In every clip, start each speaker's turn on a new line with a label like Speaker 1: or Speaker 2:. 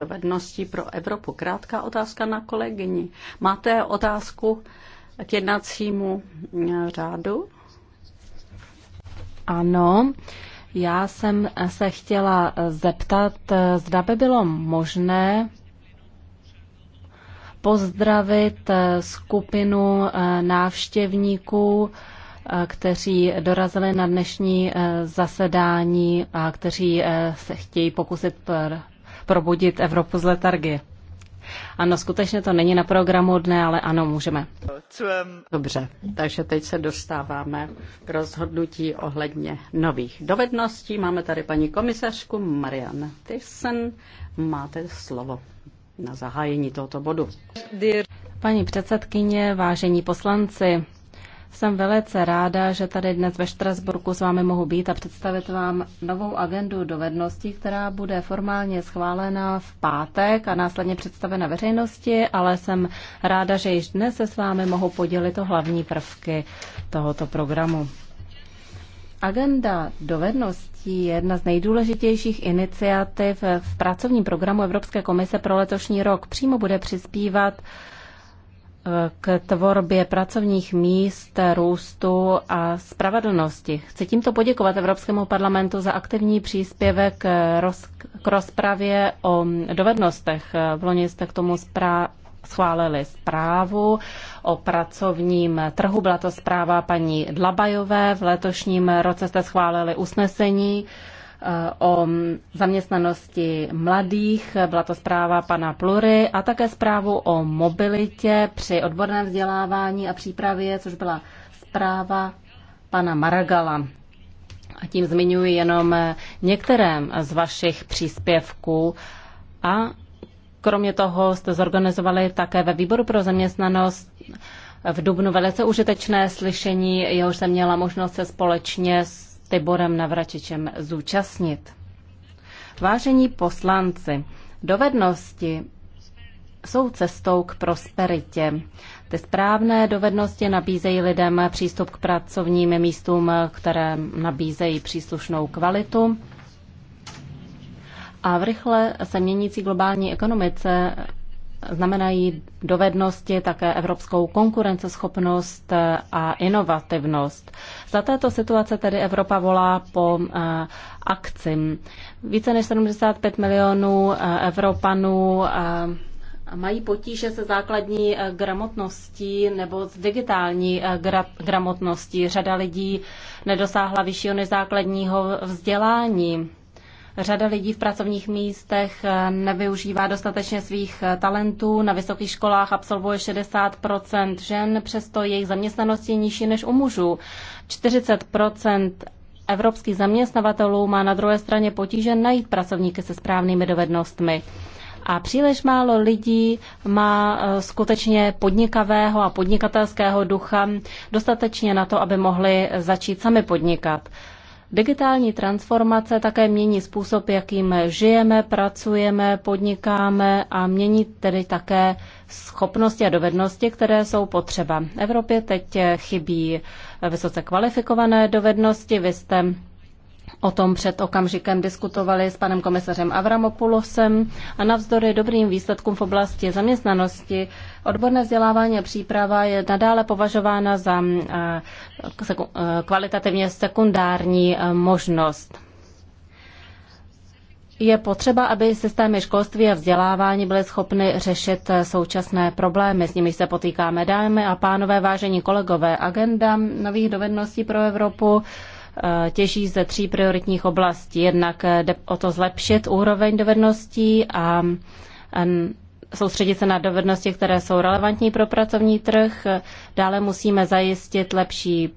Speaker 1: dovedností pro Evropu. Krátká otázka na kolegyni. Máte otázku k jednacímu eh, řádu?
Speaker 2: Ano. Já jsem se chtěla eh, zeptat, eh, zda by bylo možné pozdravit skupinu návštěvníků, kteří dorazili na dnešní zasedání a kteří se chtějí pokusit probudit Evropu z letargie. Ano, skutečně to není na programu dne, ale ano, můžeme. Dobře, takže teď se dostáváme k rozhodnutí ohledně
Speaker 1: nových dovedností. Máme tady paní komisařku Marian Tyson. Máte
Speaker 2: slovo na zahájení tohoto bodu. Paní předsedkyně, vážení poslanci, jsem velice ráda, že tady dnes ve Štrasburku s vámi mohu být a představit vám novou agendu dovedností, která bude formálně schválena v pátek a následně představena veřejnosti, ale jsem ráda, že již dnes se s vámi mohu podělit o hlavní prvky tohoto programu. Agenda dovedností je jedna z nejdůležitějších iniciativ v pracovním programu Evropské komise pro letošní rok. Přímo bude přispívat k tvorbě pracovních míst, růstu a spravedlnosti. Chci tímto poděkovat Evropskému parlamentu za aktivní příspěvek k rozpravě o dovednostech. V loni jste k tomu zprá- schválili zprávu o pracovním trhu. Byla to zpráva paní Dlabajové. V letošním roce jste schválili usnesení Eh, o zaměstnanosti mladých, byla to zpráva pana Plury a také zprávu o mobilitě při odborném vzdělávání a přípravě, což byla zpráva pana Maragala. A tím zmiňuji jenom eh, některé z vašich příspěvků a kromě toho jste zorganizovali také ve výboru pro zaměstnanost v Dubnu velice užitečné slyšení, jehož jsem měla možnost se společně s Tiborem Navračičem zúčastnit. Vážení poslanci, dovednosti jsou cestou k prosperitě. Ty správné dovednosti nabízejí lidem přístup k pracovním místům, které nabízejí příslušnou kvalitu. A v rychle se měnící globální ekonomice znamenají dovednosti také evropskou konkurenceschopnost a inovativnost. Za této situace tedy Evropa volá po eh, akci. Více než 75 milionů eh, Evropanů eh, mají potíže se základní gramotností nebo s digitální gra- gramotností. Řada lidí nedosáhla vyššího než základního vzdělání. Řada lidí v pracovních místech eh, nevyužívá dostatečně svých eh, talentů. Na vysokých školách absolvuje 60 žen, přesto jejich zaměstnanost je nižší než u mužů. 40 evropských zaměstnavatelů má na druhé straně potíže najít pracovníky se správnými dovednostmi. A příliš málo lidí má eh, skutečně podnikavého a podnikatelského ducha dostatečně na to, aby mohli začít sami podnikat. Digitální transformace také mění způsob, jakým žijeme, pracujeme, podnikáme a mění tedy také schopnosti a dovednosti, které jsou potřeba. Evropě teď chybí vysoce kvalifikované dovednosti. Vy jste o tom před okamžikem diskutovali s panem komisařem Avramopulosem a navzdory dobrým výsledkům v oblasti zaměstnanosti odborné vzdělávání a příprava je nadále považována za eh, eh, kvalitativně sekundární eh, možnost. Je potřeba, aby systémy školství a vzdělávání byly schopny řešit současné problémy, s nimi se potýkáme. Dámy a pánové, vážení kolegové, agenda nových dovedností pro Evropu Eh, těží ze tří prioritních oblastí. Jednak eh, jde o to zlepšit úroveň dovedností a soustředit se na dovednosti, které jsou relevantní pro pracovní trh. Dále musíme zajistit lepší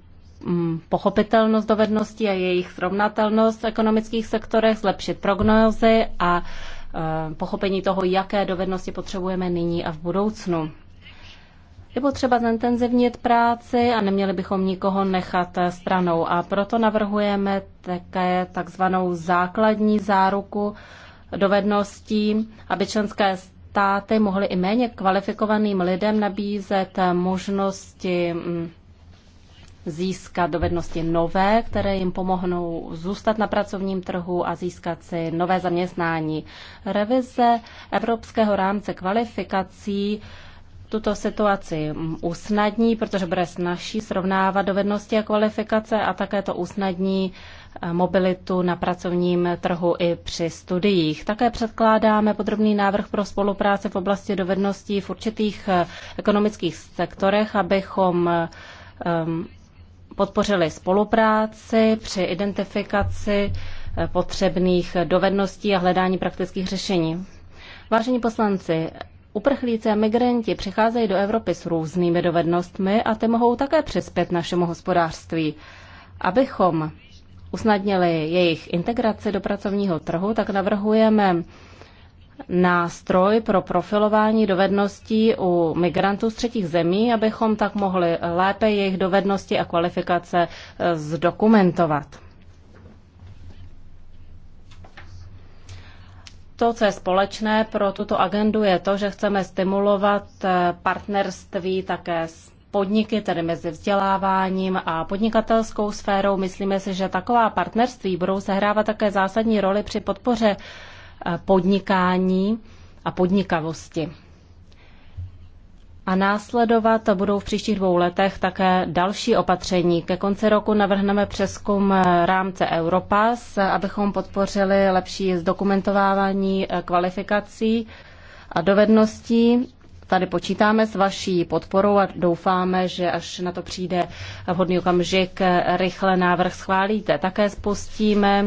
Speaker 2: mm, pochopitelnost dovedností a jejich srovnatelnost v ekonomických sektorech, zlepšit prognózy a eh, pochopení toho, jaké dovednosti potřebujeme nyní a v budoucnu. Je potřeba zintenzivnit práci a neměli bychom nikoho nechat stranou. A proto navrhujeme také takzvanou základní záruku dovedností, aby členské státy mohly i méně kvalifikovaným lidem nabízet možnosti mm, získat dovednosti nové, které jim pomohnou zůstat na pracovním trhu a získat si nové zaměstnání. Revize Evropského rámce kvalifikací tuto situaci usnadní, protože bude snažší srovnávat dovednosti a kvalifikace a také to usnadní eh, mobilitu na pracovním trhu i při studiích. Také předkládáme podrobný návrh pro spolupráci v oblasti dovedností v určitých eh, ekonomických sektorech, abychom ehm, podpořili spolupráci při identifikaci eh, potřebných dovedností a hledání praktických řešení. Vážení poslanci, Uprchlíci a migranti přicházejí do Evropy s různými dovednostmi a ty mohou také přispět našemu hospodářství. Abychom usnadnili jejich integraci do pracovního trhu, tak navrhujeme nástroj pro profilování dovedností u migrantů z třetích zemí, abychom tak mohli lépe jejich dovednosti a kvalifikace eh, zdokumentovat. to, co je společné pro tuto agendu, je to, že chceme stimulovat eh, partnerství také s podniky, tedy mezi vzděláváním a podnikatelskou sférou. Myslíme si, že taková partnerství budou sehrávat také zásadní roli při podpoře eh, podnikání a podnikavosti a následovat budou v příštích dvou letech také další opatření. Ke konci roku navrhneme přeskum rámce Europass, abychom podpořili lepší zdokumentovávání eh, kvalifikací a dovedností. Tady počítáme s vaší podporou a doufáme, že až na to přijde vhodný okamžik, eh, rychle návrh schválíte. Také spustíme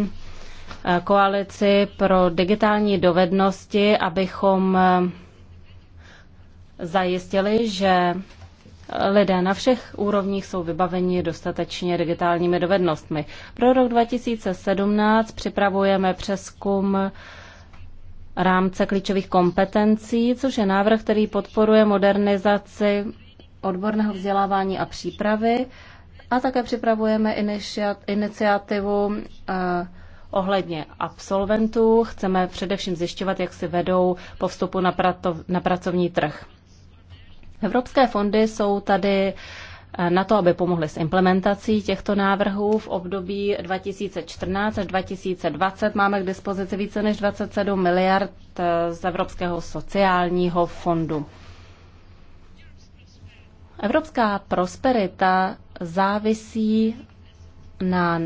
Speaker 2: eh, koalici pro digitální dovednosti, abychom zajistili, že lidé na všech úrovních jsou vybaveni dostatečně digitálními dovednostmi. Pro rok 2017 připravujeme přeskum rámce klíčových kompetencí, což je návrh, který podporuje modernizaci odborného vzdělávání a přípravy a také připravujeme iniciativu eh, ohledně absolventů. Chceme především zjišťovat, jak si vedou po vstupu na, prato, na pracovní trh. Evropské fondy jsou tady eh, na to, aby pomohly s implementací těchto návrhů v období 2014 až 2020 máme k dispozici více než 27 miliard eh, z Evropského sociálního fondu. Evropská prosperita závisí na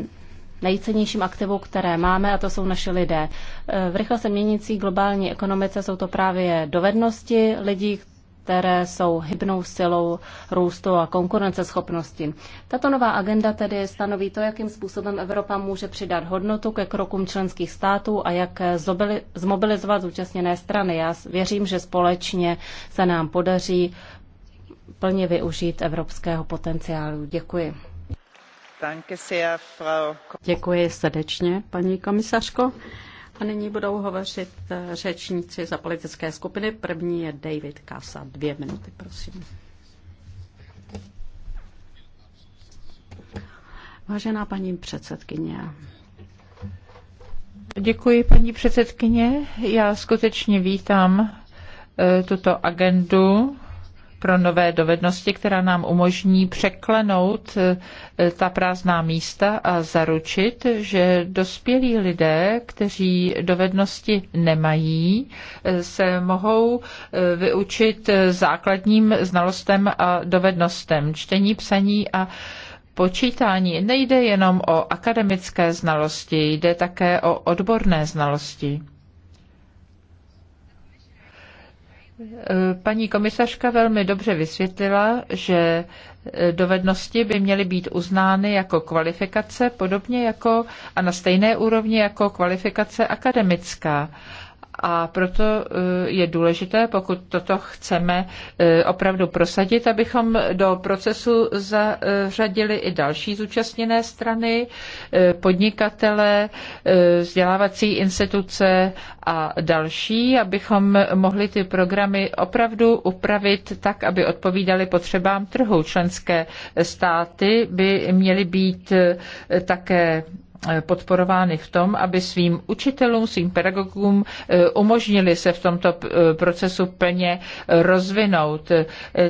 Speaker 2: nejcennějším aktivu, které máme, a to jsou naši lidé. Eh, v rychle se měnící globální ekonomice jsou to právě dovednosti lidí, které jsou hybnou silou růstu a konkurenceschopnosti. Tato nová agenda tedy stanoví to, jakým způsobem Evropa může přidat hodnotu ke krokům členských států a jak zmobilizovat zúčastněné strany. Já věřím, že společně se nám podaří plně využít evropského potenciálu. Děkuji. Děkuji
Speaker 1: srdečně, paní komisařko. A nyní budou hovořit eh, řečníci za politické skupiny. První je David Kasa. Dvě minuty, prosím.
Speaker 3: Vážená paní předsedkyně, Děkuji, paní předsedkyně. Já skutečně vítám eh, tuto agendu pro nové dovednosti, která nám umožní překlenout e, ta prázdná místa a zaručit, že dospělí lidé, kteří dovednosti nemají, e, se mohou e, vyučit základním znalostem a dovednostem čtení, psaní a počítání. Nejde jenom o akademické znalosti, jde také o odborné znalosti. Paní komisařka velmi dobře vysvětlila, že e, dovednosti by měly být uznány jako kvalifikace, podobně jako a na stejné úrovni jako kvalifikace akademická. A proto eh, je důležité, pokud toto chceme eh, opravdu prosadit, abychom do procesu zařadili i další zúčastněné strany, eh, podnikatele, vzdělávací instituce a další, abychom mohli ty programy opravdu upravit tak, aby odpovídaly potřebám trhu. Členské státy by měly být také Eh, podporovány v tom, aby svým učitelům, svým pedagogům eh, umožnili se v tomto eh, procesu plně rozvinout.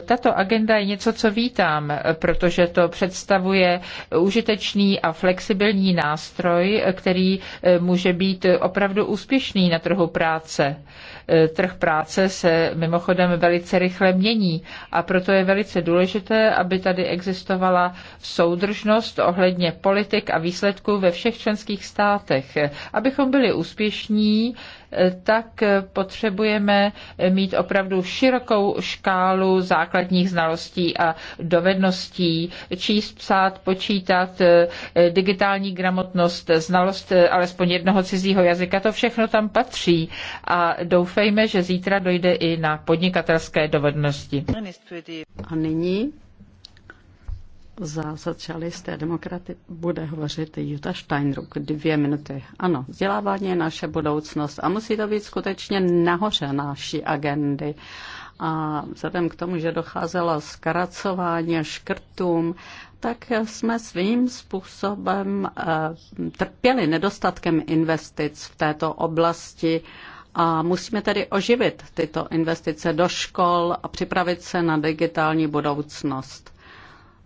Speaker 3: Tato agenda je něco, co vítám, protože to představuje užitečný a flexibilní nástroj, který může být opravdu úspěšný na trhu práce. E, trh práce se mimochodem velice rychle mění a proto je velice důležité, aby tady existovala soudržnost ohledně politik a výsledků ve všech členských státech. E, abychom byli úspěšní, tak potřebujeme mít opravdu širokou škálu základních znalostí a dovedností, číst, psát, počítat, digitální gramotnost, znalost alespoň jednoho cizího jazyka, to všechno tam patří a doufejme, že zítra dojde i na podnikatelské dovednosti.
Speaker 1: A nyní za socialisté a demokraty bude hovořit Jutta Steinruck. Dvě minuty. Ano, vzdělávání je naše budoucnost a musí to být skutečně nahoře naší agendy. A vzhledem k tomu, že docházelo zkracování škrtům, tak jsme svým způsobem eh, trpěli nedostatkem investic v této oblasti a musíme tedy oživit tyto investice do škol a připravit se na digitální budoucnost.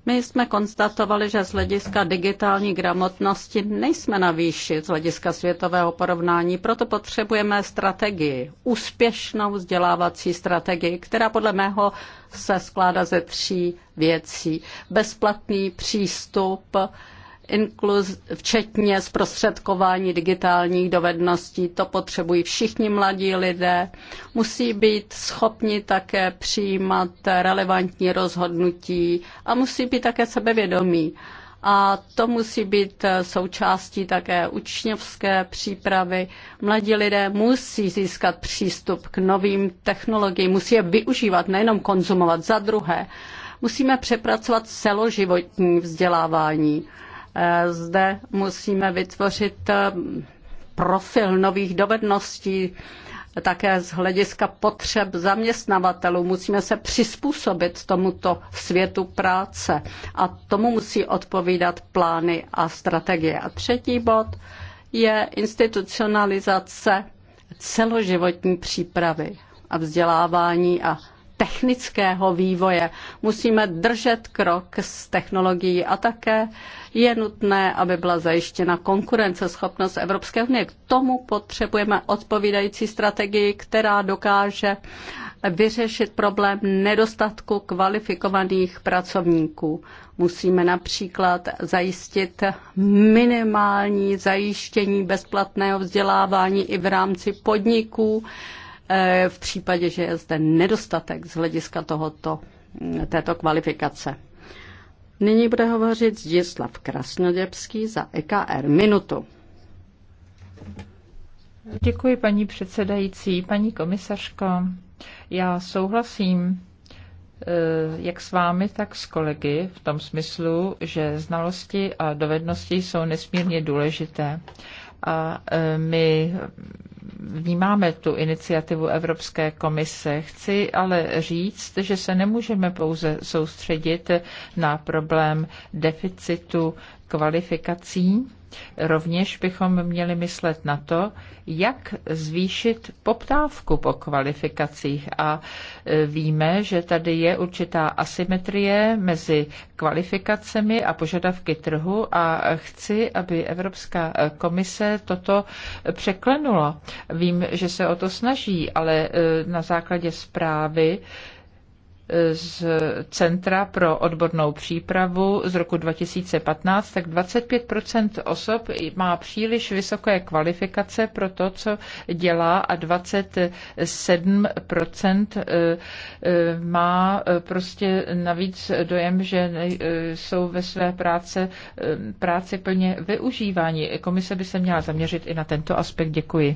Speaker 1: My jsme konstatovali, že z hlediska digitální gramotnosti nejsme na výši z hlediska světového porovnání, proto potřebujeme strategii, úspěšnou vzdělávací strategii, která podle mého se skládá ze tří věcí. Bezplatný přístup, inkluz, včetně zprostředkování digitálních dovedností. To potřebují všichni mladí lidé. Musí být schopni také přijímat relevantní rozhodnutí a musí být také sebevědomí. A to musí být součástí také učňovské přípravy. Mladí lidé musí získat přístup k novým technologiím, musí je využívat, nejenom konzumovat. Za druhé, musíme přepracovat celoživotní vzdělávání. Eh, zde musíme vytvořit eh, profil nových dovedností, také z hlediska potřeb zaměstnavatelů. Musíme se přizpůsobit tomuto světu práce a tomu musí odpovídat plány a strategie. A třetí bod je institucionalizace celoživotní přípravy a vzdělávání a technického vývoje. Musíme držet krok s technologií a také je nutné, aby byla zajištěna konkurenceschopnost Evropské unie. K tomu potřebujeme odpovídající strategii, která dokáže vyřešit problém nedostatku kvalifikovaných pracovníků. Musíme například zajistit minimální zajištění bezplatného vzdělávání i v rámci podniků, Eh, v případě, že je zde nedostatek z hlediska tohoto, mm, této kvalifikace. Nyní bude hovořit Zdislav Krasnoděpský za EKR Minutu.
Speaker 3: Děkuji, paní předsedající. Paní komisařko, já souhlasím eh, jak s vámi, tak s kolegy v tom smyslu, že znalosti a dovednosti jsou nesmírně důležité. A eh, my vnímáme tu iniciativu Evropské komise. Chci ale říct, že se nemůžeme pouze soustředit na problém deficitu kvalifikací, Rovněž bychom měli myslet na to, jak zvýšit poptávku po kvalifikacích. A e, víme, že tady je určitá asymetrie mezi kvalifikacemi a požadavky trhu a chci, aby Evropská komise toto překlenula. Vím, že se o to snaží, ale e, na základě zprávy, z Centra pro odbornou přípravu z roku 2015, tak 25 osob má příliš vysoké kvalifikace pro to, co dělá a 27 eh, eh, má eh, prostě navíc dojem, že jsou ve své práce, práci plně využívání. Komise by se měla zaměřit i na tento aspekt. Děkuji.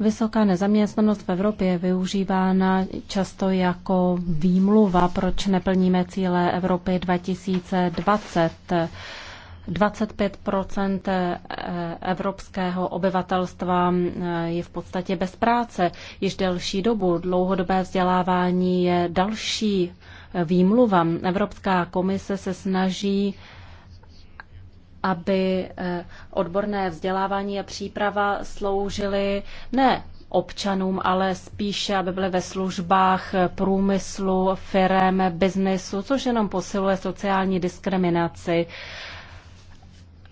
Speaker 2: Vysoká nezaměstnanost v Evropě je využívána často jako výmluva, proč neplníme cíle Evropy 2020. 25 eh, evropského obyvatelstva eh, je v podstatě bez práce již delší dobu. Dlouhodobé vzdělávání je další eh, výmluva. Evropská komise se snaží aby eh, odborné vzdělávání a příprava sloužily ne občanům, ale spíše, aby byly ve službách eh, průmyslu, firem, biznesu, což jenom posiluje sociální diskriminaci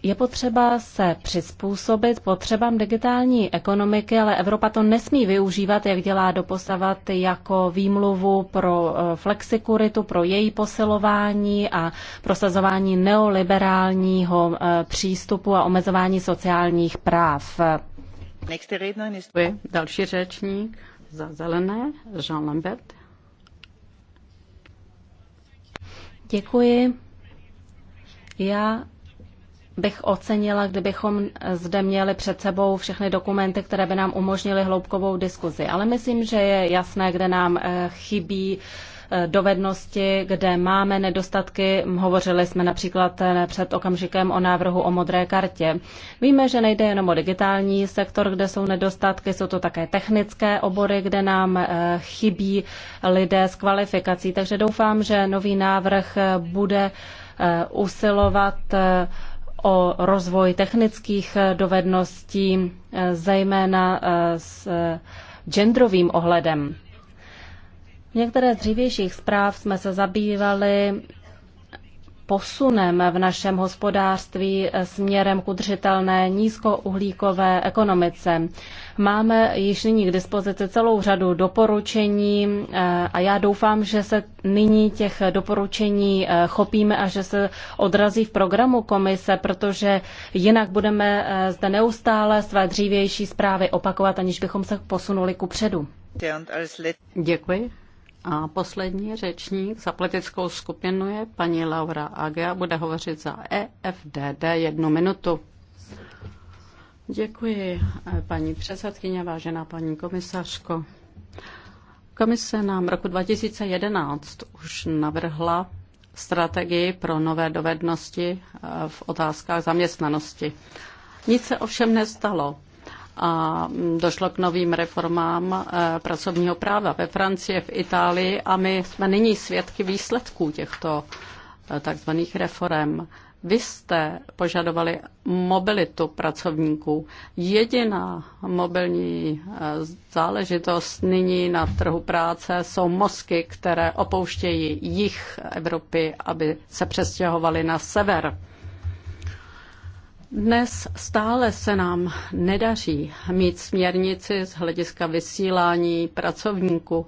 Speaker 2: je potřeba se přizpůsobit potřebám digitální ekonomiky, ale Evropa to nesmí využívat, jak dělá doposavat, jako výmluvu pro eh, flexikuritu, pro její posilování a prosazování neoliberálního eh, přístupu a omezování sociálních práv. Další řečník za zelené, Jean Lambert. Děkuji. Já bych ocenila, kdybychom zde měli před sebou všechny dokumenty, které by nám umožnily hloubkovou diskuzi. Ale myslím, že je jasné, kde nám eh, chybí eh, dovednosti, kde máme nedostatky. Hovořili jsme například eh, před okamžikem o návrhu o modré kartě. Víme, že nejde jenom o digitální sektor, kde jsou nedostatky, jsou to také technické obory, kde nám chybí lidé s kvalifikací. Takže doufám, že nový návrh bude usilovat o rozvoj technických eh, dovedností, eh, zejména eh, s genderovým ohledem. V některé z dřívějších zpráv jsme se zabývali posunem v našem hospodářství směrem k udržitelné nízkouhlíkové ekonomice. Máme již nyní k dispozici celou řadu doporučení eh, a já doufám, že se nyní těch doporučení eh, chopíme a že se odrazí v programu komise, protože jinak budeme eh, zde neustále své dřívější zprávy opakovat, aniž bychom se posunuli ku předu. Děkuji. A poslední řečník
Speaker 1: za politickou skupinu je paní Laura a bude hovořit za EFDD jednu minutu. Děkuji, paní předsedkyně, vážená paní komisařko. Komise nám roku 2011 už navrhla strategii pro nové dovednosti eh, v otázkách zaměstnanosti. Nic se ovšem nestalo a došlo k novým reformám eh, pracovního práva ve Francii, v Itálii a my jsme nyní svědky výsledků těchto eh, takzvaných reform. Vy jste požadovali mobilitu pracovníků. Jediná mobilní eh, záležitost nyní na trhu práce jsou mozky, které opouštějí jich Evropy, aby se přestěhovaly na sever. Dnes stále se nám nedaří mít směrnici z hlediska vysílání pracovníků.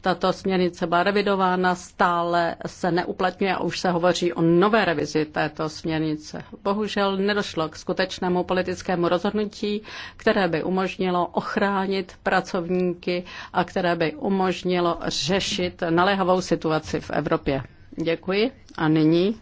Speaker 1: Tato směrnice byla revidována, stále se neuplatňuje a už se hovoří o nové revizi této směrnice. Bohužel nedošlo k skutečnému politickému rozhodnutí, které by umožnilo ochránit pracovníky a které by umožnilo řešit naléhavou situaci v Evropě. Děkuji a nyní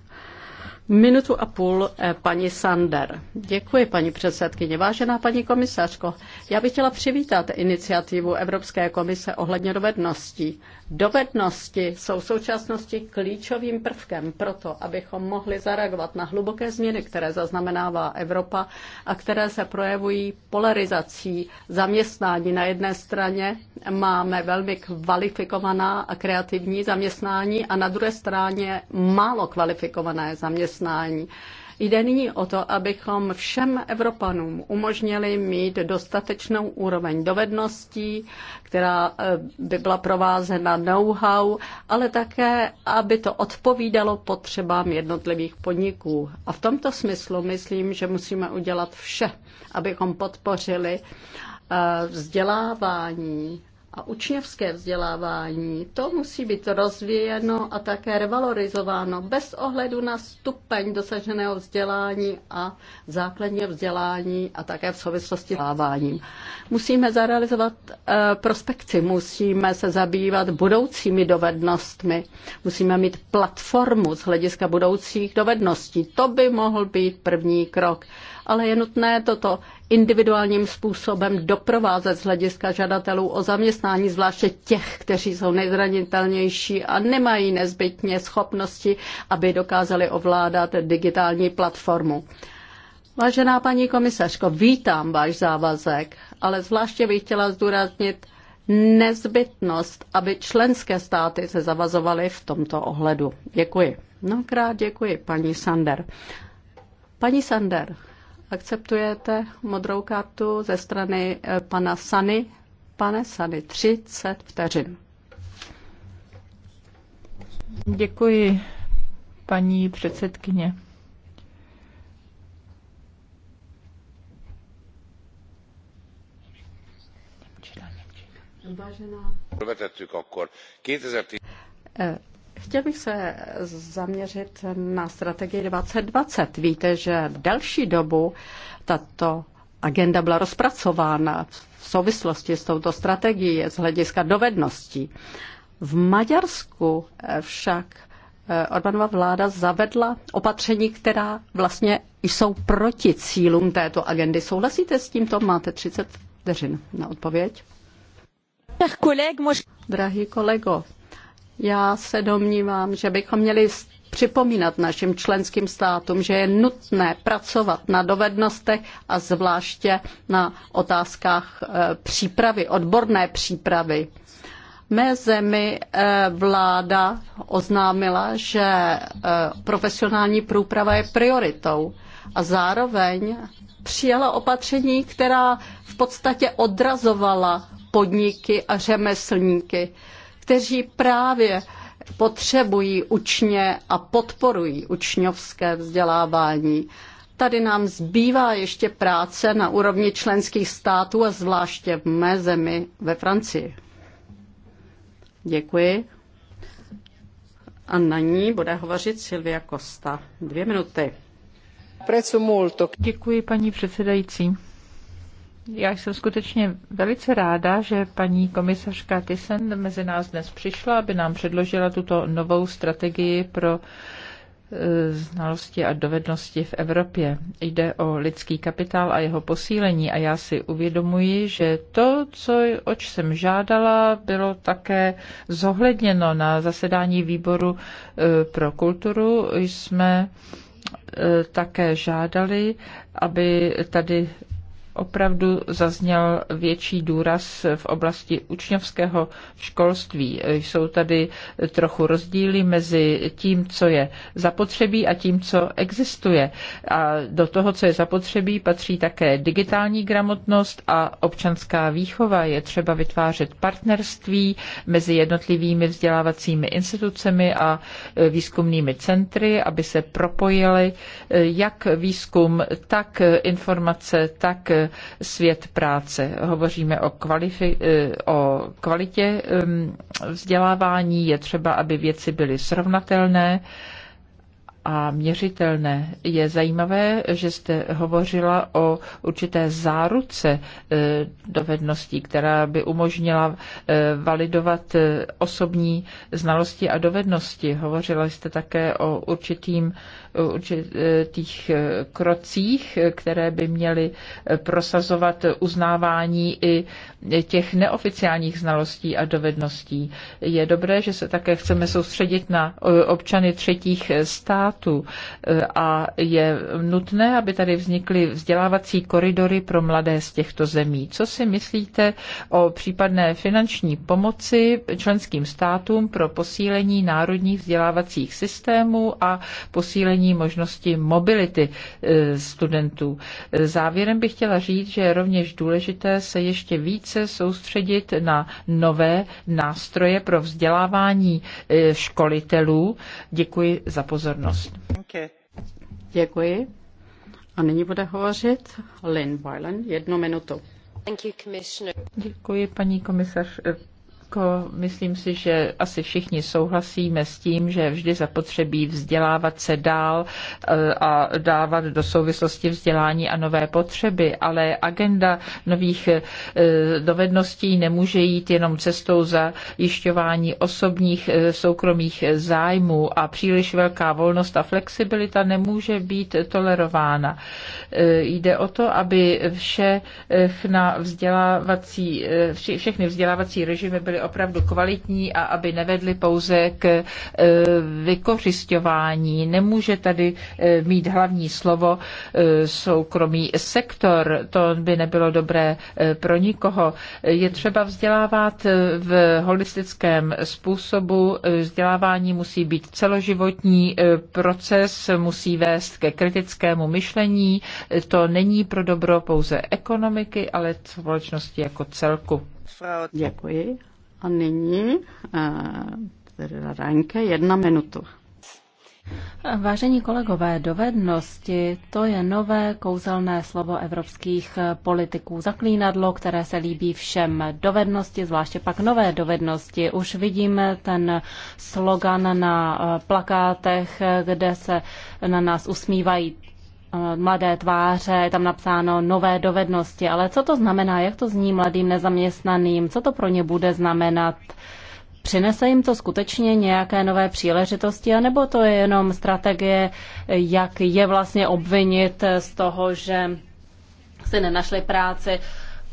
Speaker 1: Minutu a půl eh, paní Sander. Děkuji, paní předsedkyně. Vážená paní komisařko, já bych chtěla přivítat iniciativu Evropské komise ohledně dovedností. Dovednosti jsou v současnosti klíčovým prvkem pro to, abychom mohli zareagovat na hluboké změny, které zaznamenává Evropa a které se projevují polarizací zaměstnání. Na jedné straně máme velmi kvalifikovaná a kreativní zaměstnání a na druhé straně málo kvalifikované zaměstnání zaměstnání. Jde nyní o to, abychom všem Evropanům umožnili mít dostatečnou úroveň dovedností, která eh, by byla provázena know-how, ale také, aby to odpovídalo potřebám jednotlivých podniků. A v tomto smyslu myslím, že musíme udělat vše, abychom podpořili eh, vzdělávání a učňovské vzdělávání, to musí být rozvíjeno a také revalorizováno bez ohledu na stupeň dosaženého vzdělání a základního vzdělání a také v souvislosti s vzděláváním. Musíme zarealizovat eh, prospekci, musíme se zabývat budoucími dovednostmi, musíme mít platformu z hlediska budoucích dovedností. To by mohl být první krok ale je nutné toto individuálním způsobem doprovázet z hlediska žadatelů o zaměstnání, zvláště těch, kteří jsou nejzranitelnější a nemají nezbytně schopnosti, aby dokázali ovládat digitální platformu. Vážená paní komisařko, vítám váš závazek, ale zvláště bych chtěla zdůraznit nezbytnost, aby členské státy se zavazovaly v tomto ohledu. Děkuji. Mnohokrát děkuji, paní Sander. Paní Sander, Akceptujete modrou kartu ze strany eh, pana Sany? Pane Sany, 30 vteřin.
Speaker 3: Děkuji, paní předsedkyně.
Speaker 1: Vážená. Chtěl bych se zaměřit na strategii 2020. Víte, že v další dobu tato agenda byla rozpracována v souvislosti s touto strategií z hlediska dovedností. V Maďarsku však eh, Orbanova vláda zavedla opatření, která vlastně jsou proti cílům této agendy. Souhlasíte s tímto? Máte 30 vteřin na odpověď. Drahý kolego, já se domnívám, že bychom měli připomínat našim členským státům, že je nutné pracovat na dovednostech a zvláště na otázkách eh, přípravy, odborné přípravy. V mé zemi eh, vláda oznámila, že eh, profesionální průprava je prioritou a zároveň přijala opatření, která v podstatě odrazovala podniky a řemeslníky kteří právě potřebují učně a podporují učňovské vzdělávání. Tady nám zbývá ještě práce na úrovni členských států a zvláště v mé zemi ve Francii. Děkuji. A na ní bude hovořit Silvia Costa.
Speaker 3: Dvě minuty. Děkuji, paní předsedající. Já jsem skutečně velice ráda, že paní komisařka Tyson mezi nás dnes přišla, aby nám předložila tuto novou strategii pro e, znalosti a dovednosti v Evropě. Jde o lidský kapitál a jeho posílení a já si uvědomuji, že to, co, oč jsem žádala, bylo také zohledněno na zasedání výboru e, pro kulturu. Jsme e, také žádali, aby tady opravdu zazněl větší důraz v oblasti učňovského školství. Jsou tady trochu rozdíly mezi tím, co je zapotřebí a tím, co existuje. A do toho, co je zapotřebí, patří také digitální gramotnost a občanská výchova. Je třeba vytvářet partnerství mezi jednotlivými vzdělávacími institucemi a výzkumnými centry, aby se propojily jak výzkum, tak informace, tak svět práce. Hovoříme o, kvalifi- eh, o kvalitě ehm, vzdělávání, je třeba, aby věci byly srovnatelné a měřitelné. Je zajímavé, že jste hovořila o určité záruce eh, dovedností, která by umožnila eh, validovat osobní znalosti a dovednosti. Hovořila jste také o určitým určitých eh, krocích, které by měly eh, prosazovat uznávání i těch neoficiálních znalostí a dovedností. Je dobré, že se také chceme soustředit na eh, občany třetích států a je nutné, aby tady vznikly vzdělávací koridory pro mladé z těchto zemí. Co si myslíte o případné finanční pomoci členským státům pro posílení národních vzdělávacích systémů a posílení zlepšení možnosti mobility e, studentů. E, závěrem bych chtěla říct, že je rovněž důležité se ještě více soustředit na nové nástroje pro vzdělávání e, školitelů. Děkuji za pozornost.
Speaker 1: Děkuji. A nyní bude hovořit Lynn Boylan. Jednu minutu.
Speaker 3: Děkuji, paní komisař, Ko, jako, myslím si, že asi všichni souhlasíme s tím, že vždy zapotřebí vzdělávat se dál eh, a dávat do souvislosti vzdělání a nové potřeby, ale agenda nových eh, dovedností nemůže jít jenom cestou zajišťování osobních eh, soukromých zájmů a příliš velká volnost a flexibilita nemůže být tolerována. Jde o to, aby vše na vzdělávací, všechny vzdělávací režimy byly byly opravdu kvalitní a aby nevedly pouze k e, vykořišťování. Nemůže tady e, mít hlavní slovo e, soukromý sektor, to by nebylo dobré pro nikoho. Je třeba vzdělávat v holistickém způsobu. Vzdělávání musí být celoživotní proces, musí vést ke kritickému myšlení. To není pro dobro pouze ekonomiky, ale společnosti jako celku.
Speaker 1: Děkuji. A nyní eh, tedy Ranke, jedna minutu.
Speaker 3: Vážení kolegové,
Speaker 2: dovednosti, to je nové kouzelné slovo evropských politiků, zaklínadlo, které se líbí všem. Dovednosti, zvláště pak nové dovednosti. Už vidíme ten slogan na eh, plakátech, kde se na nás usmívají Eh, mladé tváře, je tam napsáno nové dovednosti, ale co to znamená, jak to zní mladým nezaměstnaným, co to pro ně bude znamenat? Přinese jim to skutečně nějaké nové příležitosti, anebo to je jenom strategie, jak je vlastně obvinit z toho, že si nenašli práci?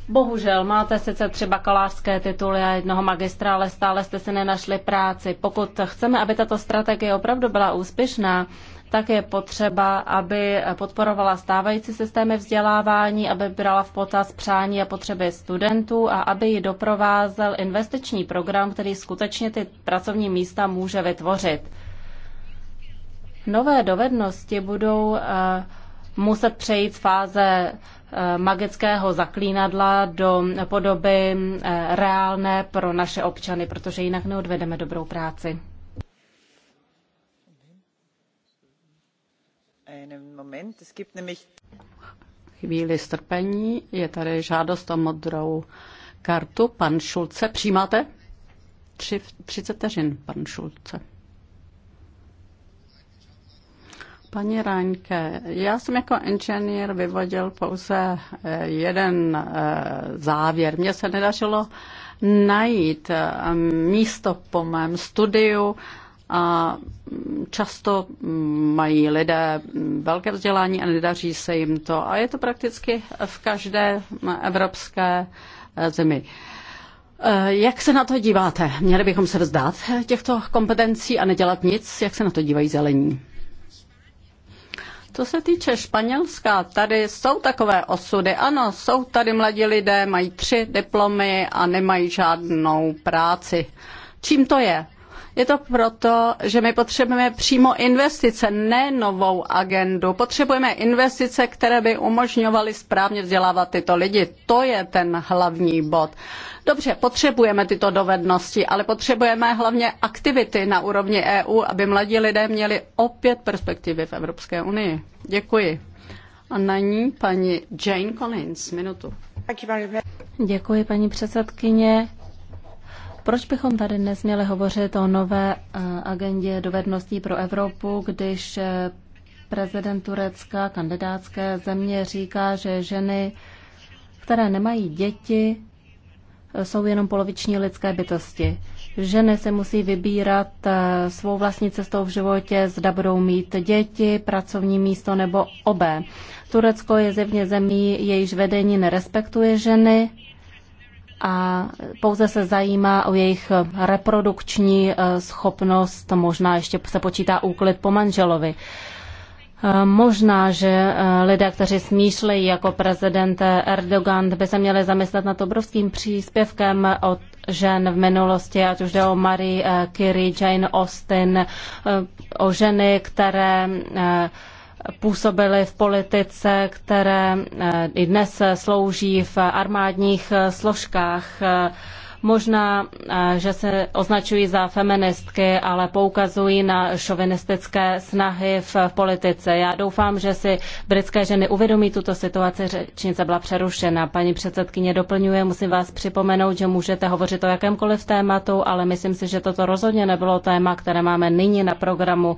Speaker 2: Bohužel, máte sice tři bakalářské tituly a jednoho magistra, ale stále jste si nenašli práci. Pokud chceme, aby tato strategie opravdu byla úspěšná, tak je potřeba, aby podporovala stávající systémy vzdělávání, aby brala v potaz přání a potřeby studentů a aby ji doprovázel investiční program, který skutečně ty pracovní místa může vytvořit. Nové dovednosti budou eh, muset přejít z fáze eh, magického zaklínadla do podoby eh, reálné pro naše občany, protože jinak neodvedeme dobrou práci.
Speaker 4: Moment, es gibt nämlich...
Speaker 1: Chvíli strpení, je tady žádost o modrou kartu. Pan Šulce, přijímáte? Tři, 30 vteřin, pan Šulce. Paní Ráňke, já jsem jako inženýr vyvodil pouze eh, jeden eh, závěr. Mně se nedařilo najít eh, místo po mém studiu a často mají lidé velké vzdělání a nedaří se jim to. A je to prakticky v každé evropské eh, zemi. Eh, jak se na to díváte? Měli bychom se vzdát těchto kompetencí a nedělat nic? Jak se na to dívají zelení? Co se týče Španělska, tady jsou takové osudy. Ano, jsou tady mladí lidé, mají tři diplomy a nemají žádnou práci. Čím to je? Je to proto, že my potřebujeme přímo investice, ne novou agendu. Potřebujeme investice, které by umožňovaly správně vzdělávat tyto lidi. To je ten hlavní bod. Dobře, potřebujeme tyto dovednosti, ale potřebujeme hlavně aktivity na úrovni EU, aby mladí lidé měli opět perspektivy v Evropské unii. Děkuji. A na ní paní Jane Collins, minutu.
Speaker 2: Děkuji, paní předsedkyně. Proč bychom tady dnes měli hovořit o nové eh, agendě dovedností pro Evropu, když eh, prezident Turecka, kandidátské země, říká, že ženy, které nemají děti, eh, jsou jenom poloviční lidské bytosti. Ženy se musí vybírat svou vlastní cestou v životě, zda budou mít děti, pracovní místo nebo obé. Turecko je zevně zemí, jejíž vedení nerespektuje ženy a pouze se zajímá o jejich reprodukční eh, schopnost, možná ještě se počítá úklid po manželovi. Eh, možná, že eh, lidé, kteří smýšlejí jako prezident Erdogan, by se měli zamyslet nad obrovským příspěvkem od žen v minulosti, ať už jde o Marie Curie, Jane Austen, o ženy, které působili v politice, které eh, i dnes slouží v armádních eh, složkách. Možná, eh, že se označují za feministky, ale poukazují na šovinistické snahy v politice. Já doufám, že si britské ženy uvědomí tuto situaci. Řečnice byla přerušena. Paní předsedkyně doplňuje, musím vás připomenout, že můžete hovořit o jakémkoliv tématu, ale myslím si, že toto rozhodně nebylo téma, které máme nyní na programu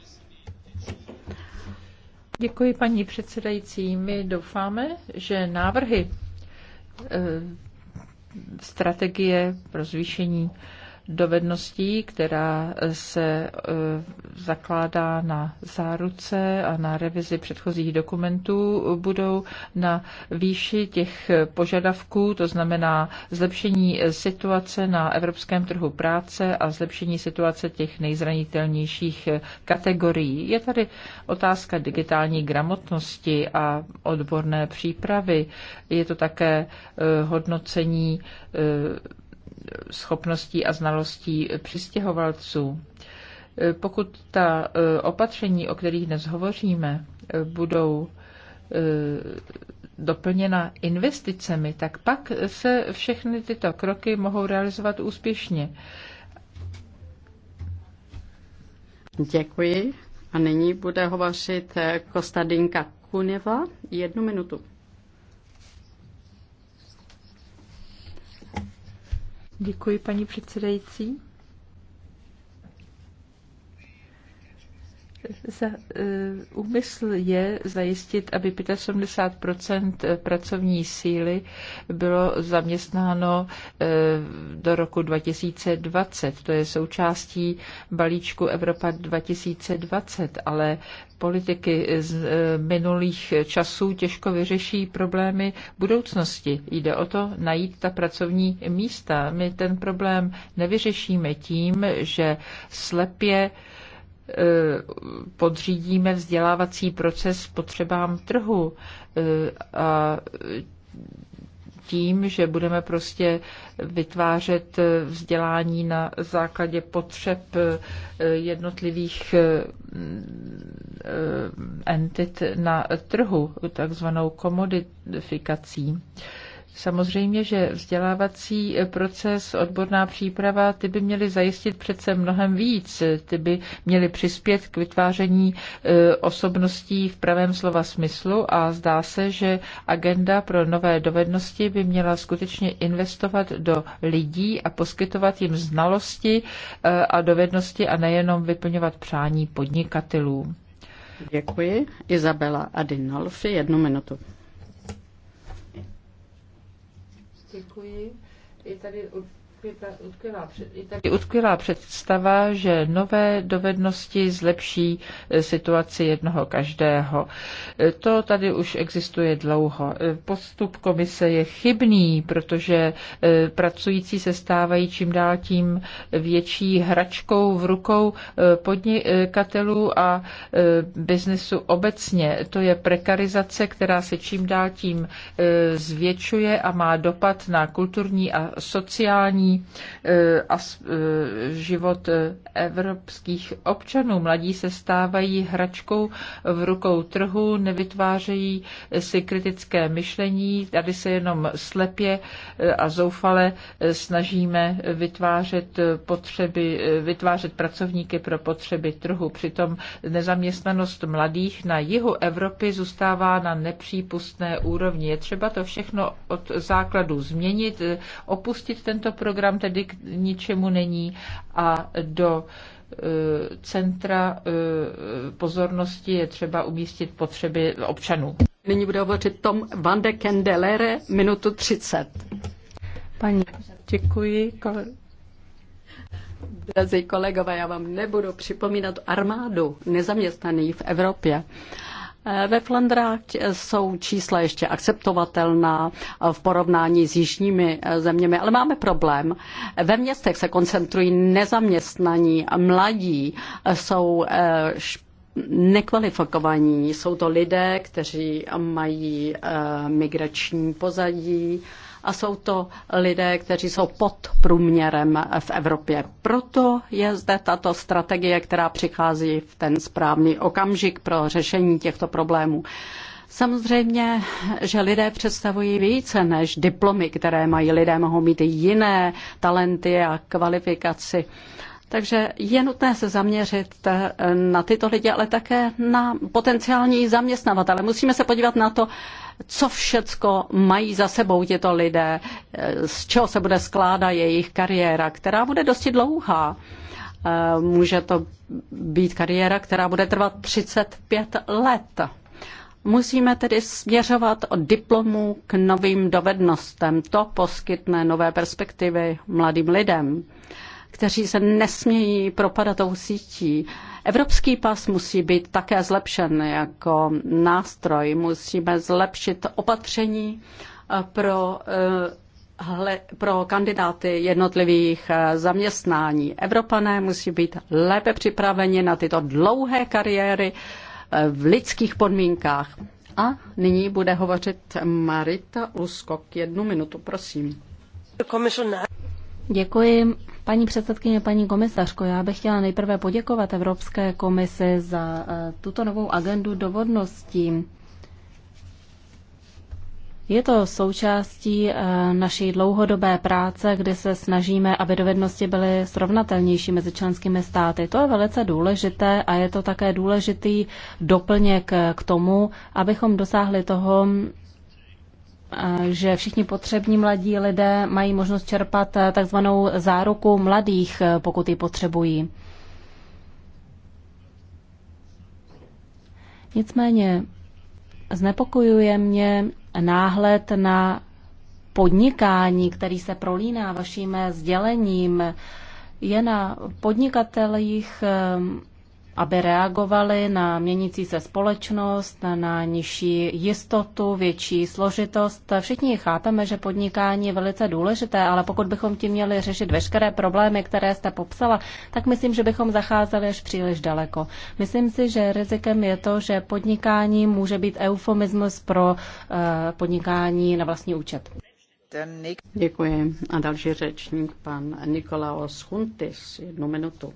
Speaker 3: Děkuji, paní předsedající. My doufáme, že návrhy eh, strategie pro zvýšení dovedností, která se e, zakládá na záruce a na revizi předchozích dokumentů, budou na výši těch požadavků, to znamená zlepšení situace na evropském trhu práce a zlepšení situace těch nejzranitelnějších kategorií. Je tady otázka digitální gramotnosti a odborné přípravy. Je to také e, hodnocení e, schopností a znalostí přistěhovalců. Pokud ta e, opatření, o kterých dnes hovoříme, e, budou e, doplněna investicemi, tak pak se všechny tyto kroky mohou realizovat úspěšně. Děkuji. A nyní bude hovořit
Speaker 1: Kostadinka Kuneva. Jednu minutu.
Speaker 3: Děkuji, paní předsedající. za, e, úmysl je zajistit, aby 75 e, pracovní síly bylo zaměstnáno e, do roku 2020. To je součástí balíčku Evropa 2020, ale politiky z minulých časů těžko vyřeší problémy budoucnosti. Jde o to najít ta pracovní místa. My ten problém nevyřešíme tím, že slepě Eh, podřídíme vzdělávací proces potřebám trhu eh, a tím, že budeme prostě vytvářet eh, vzdělání na základě potřeb jednotlivých entit na trhu, takzvanou komodifikací. Samozřejmě, že vzdělávací proces, odborná příprava, ty by měly zajistit přece mnohem víc. Ty by měly přispět k vytváření e, osobností v pravém slova smyslu a zdá se, že agenda pro nové dovednosti by měla skutečně investovat do lidí a poskytovat jim znalosti e, a dovednosti a nejenom vyplňovat přání podnikatelů. Děkuji. Izabela Adinolfi, jednu minutu. Děkuji. Je tady utkvělá představa, že nové dovednosti zlepší e, situaci jednoho každého. E, to tady už existuje dlouho. E, postup komise je chybný, protože pracující se stávají čím dál tím větší hračkou v rukou podnikatelů a biznesu obecně. To je prekarizace, která se čím dál tím zvětšuje a má dopad na kulturní a sociální Eh, a eh, život eh, evropských občanů. Mladí se stávají hračkou v rukou trhu, nevytvářejí si kritické myšlení, tady se jenom slepě a zoufale snažíme vytvářet potřeby, vytvářet pracovníky pro potřeby trhu. Přitom nezaměstnanost mladých na jihu Evropy zůstává na nepřípustné úrovni. Je třeba to všechno od základu změnit, opustit tento program program tedy k ničemu není a do e, centra e, pozornosti je třeba umístit potřeby občanů. Nyní bude hovořit Tom van de Kendelere, minutu
Speaker 1: 30. Paní, děkuji. Drazí kolegové, já vám nebudu připomínat armádu nezaměstnaných v Evropě. Ve Flandrách jsou čísla ještě akceptovatelná v porovnání s jižními zeměmi, ale máme problém. Ve městech se koncentrují nezaměstnaní, mladí jsou eh, nekvalifikovaní. Jsou to lidé, kteří mají eh, migrační pozadí, a jsou to lidé, kteří jsou pod průměrem v Evropě. Proto je zde tato strategie, která přichází v ten správný okamžik pro řešení těchto problémů. Samozřejmě, že lidé představují více než diplomy, které mají. Lidé mohou mít i jiné talenty a kvalifikaci. Takže je nutné se zaměřit eh, na tyto lidi, ale také na potenciální zaměstnavatele. Musíme se podívat na to, co všecko mají za sebou tyto lidé, eh, z čeho se bude skládat jejich kariéra, která bude dosti dlouhá. Eh, může to být kariéra, která bude trvat 35 let. Musíme tedy směřovat od diplomu k novým dovednostem. To poskytne nové perspektivy mladým lidem kteří se nesmějí propadat tou sítí. Evropský pas musí být také zlepšen jako nástroj. Musíme zlepšit opatření eh, pro eh, pro kandidáty jednotlivých eh, zaměstnání. Evropané musí být lépe připraveni na tyto dlouhé kariéry v lidských podmínkách. A nyní bude hovořit Marita Luskok. Jednu minutu, prosím.
Speaker 2: Děkuji, Paní předsedkyně, paní komisařko, já bych chtěla nejprve poděkovat Evropské komisi za eh, tuto novou agendu dovodností. Je to součástí eh, naší dlouhodobé práce, kdy se snažíme, aby dovednosti byly srovnatelnější mezi členskými státy. To je velice důležité a je to také důležitý doplněk eh, k tomu, abychom dosáhli toho, že všichni potřební mladí lidé mají možnost čerpat eh, takzvanou záruku mladých, eh, pokud ji potřebují. Nicméně znepokojuje mě náhled na podnikání, který se prolíná vaším sdělením. Je na podnikatelích eh, aby reagovali na měnící se společnost, na nižší jistotu, větší složitost. Všichni chápeme, že podnikání je velice důležité, ale pokud bychom tím měli řešit veškeré problémy, které jste popsala, tak myslím, že bychom zacházeli až příliš daleko. Myslím si, že rizikem je to, že podnikání může být eufemismus pro eh, podnikání na vlastní účet. Děkuji. A další řečník, pan Nikolaos Huntis, jednu minutu.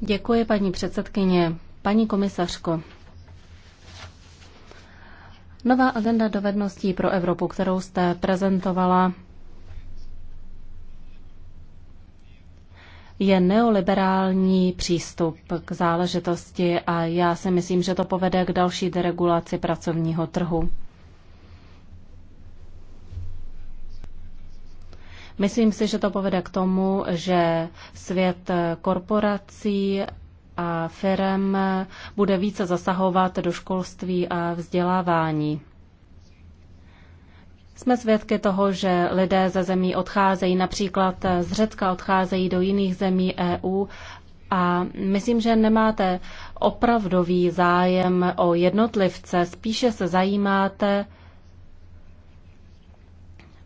Speaker 2: Děkuji, paní předsedkyně. Paní komisařko, nová agenda dovedností pro Evropu, kterou jste prezentovala, je neoliberální přístup k záležitosti a já si myslím, že to povede k další deregulaci pracovního trhu. Myslím si, že to povede k tomu, že svět korporací a firm bude více zasahovat do školství a vzdělávání. Jsme svědky toho, že lidé ze zemí odcházejí, například z Řecka odcházejí do jiných zemí EU a myslím, že nemáte opravdový zájem o jednotlivce, spíše se zajímáte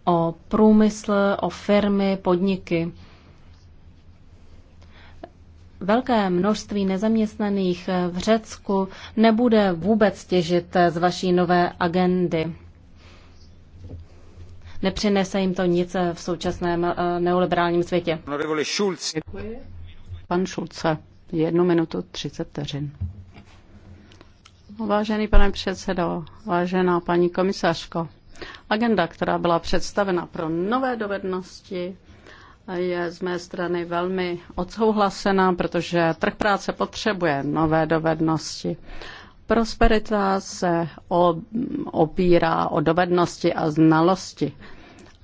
Speaker 2: o průmysl, o firmy, podniky. Velké množství nezaměstnaných v Řecku nebude vůbec těžit z vaší nové agendy. Nepřinese jim to nic v současném eh, neoliberálním světě. Děkuji. Pan Šulce, jednu minutu 30 vteřin.
Speaker 1: Vážený pane předsedo, vážená paní komisařko, Agenda, která byla představena pro nové dovednosti, je z mé strany velmi odsouhlasená, protože trh práce potřebuje nové dovednosti. Prosperita se opírá o dovednosti a znalosti.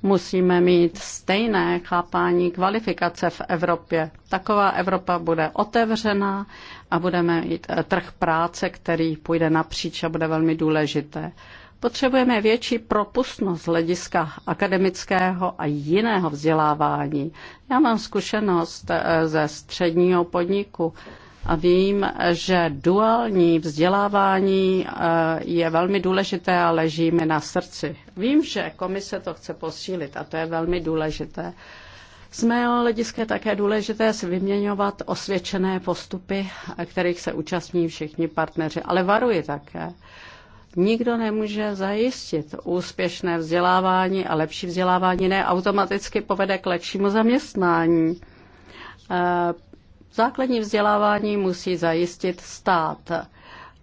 Speaker 1: Musíme mít stejné chápání kvalifikace v Evropě. Taková Evropa bude otevřená a budeme mít eh, trh práce, který půjde napříč a bude velmi důležité. Potřebujeme větší propustnost z hlediska akademického a jiného vzdělávání. Já mám zkušenost eh, ze středního podniku a vím, že duální vzdělávání eh, je velmi důležité a leží mi na srdci. Vím, že komise to chce posílit a to je velmi důležité. Z mého hlediska je také důležité si vyměňovat osvědčené postupy, eh, kterých se účastní všichni partneři, ale varuji také, Nikdo nemůže zajistit úspěšné vzdělávání a lepší vzdělávání ne automaticky povede k lepšímu zaměstnání. Eh, základní vzdělávání musí zajistit stát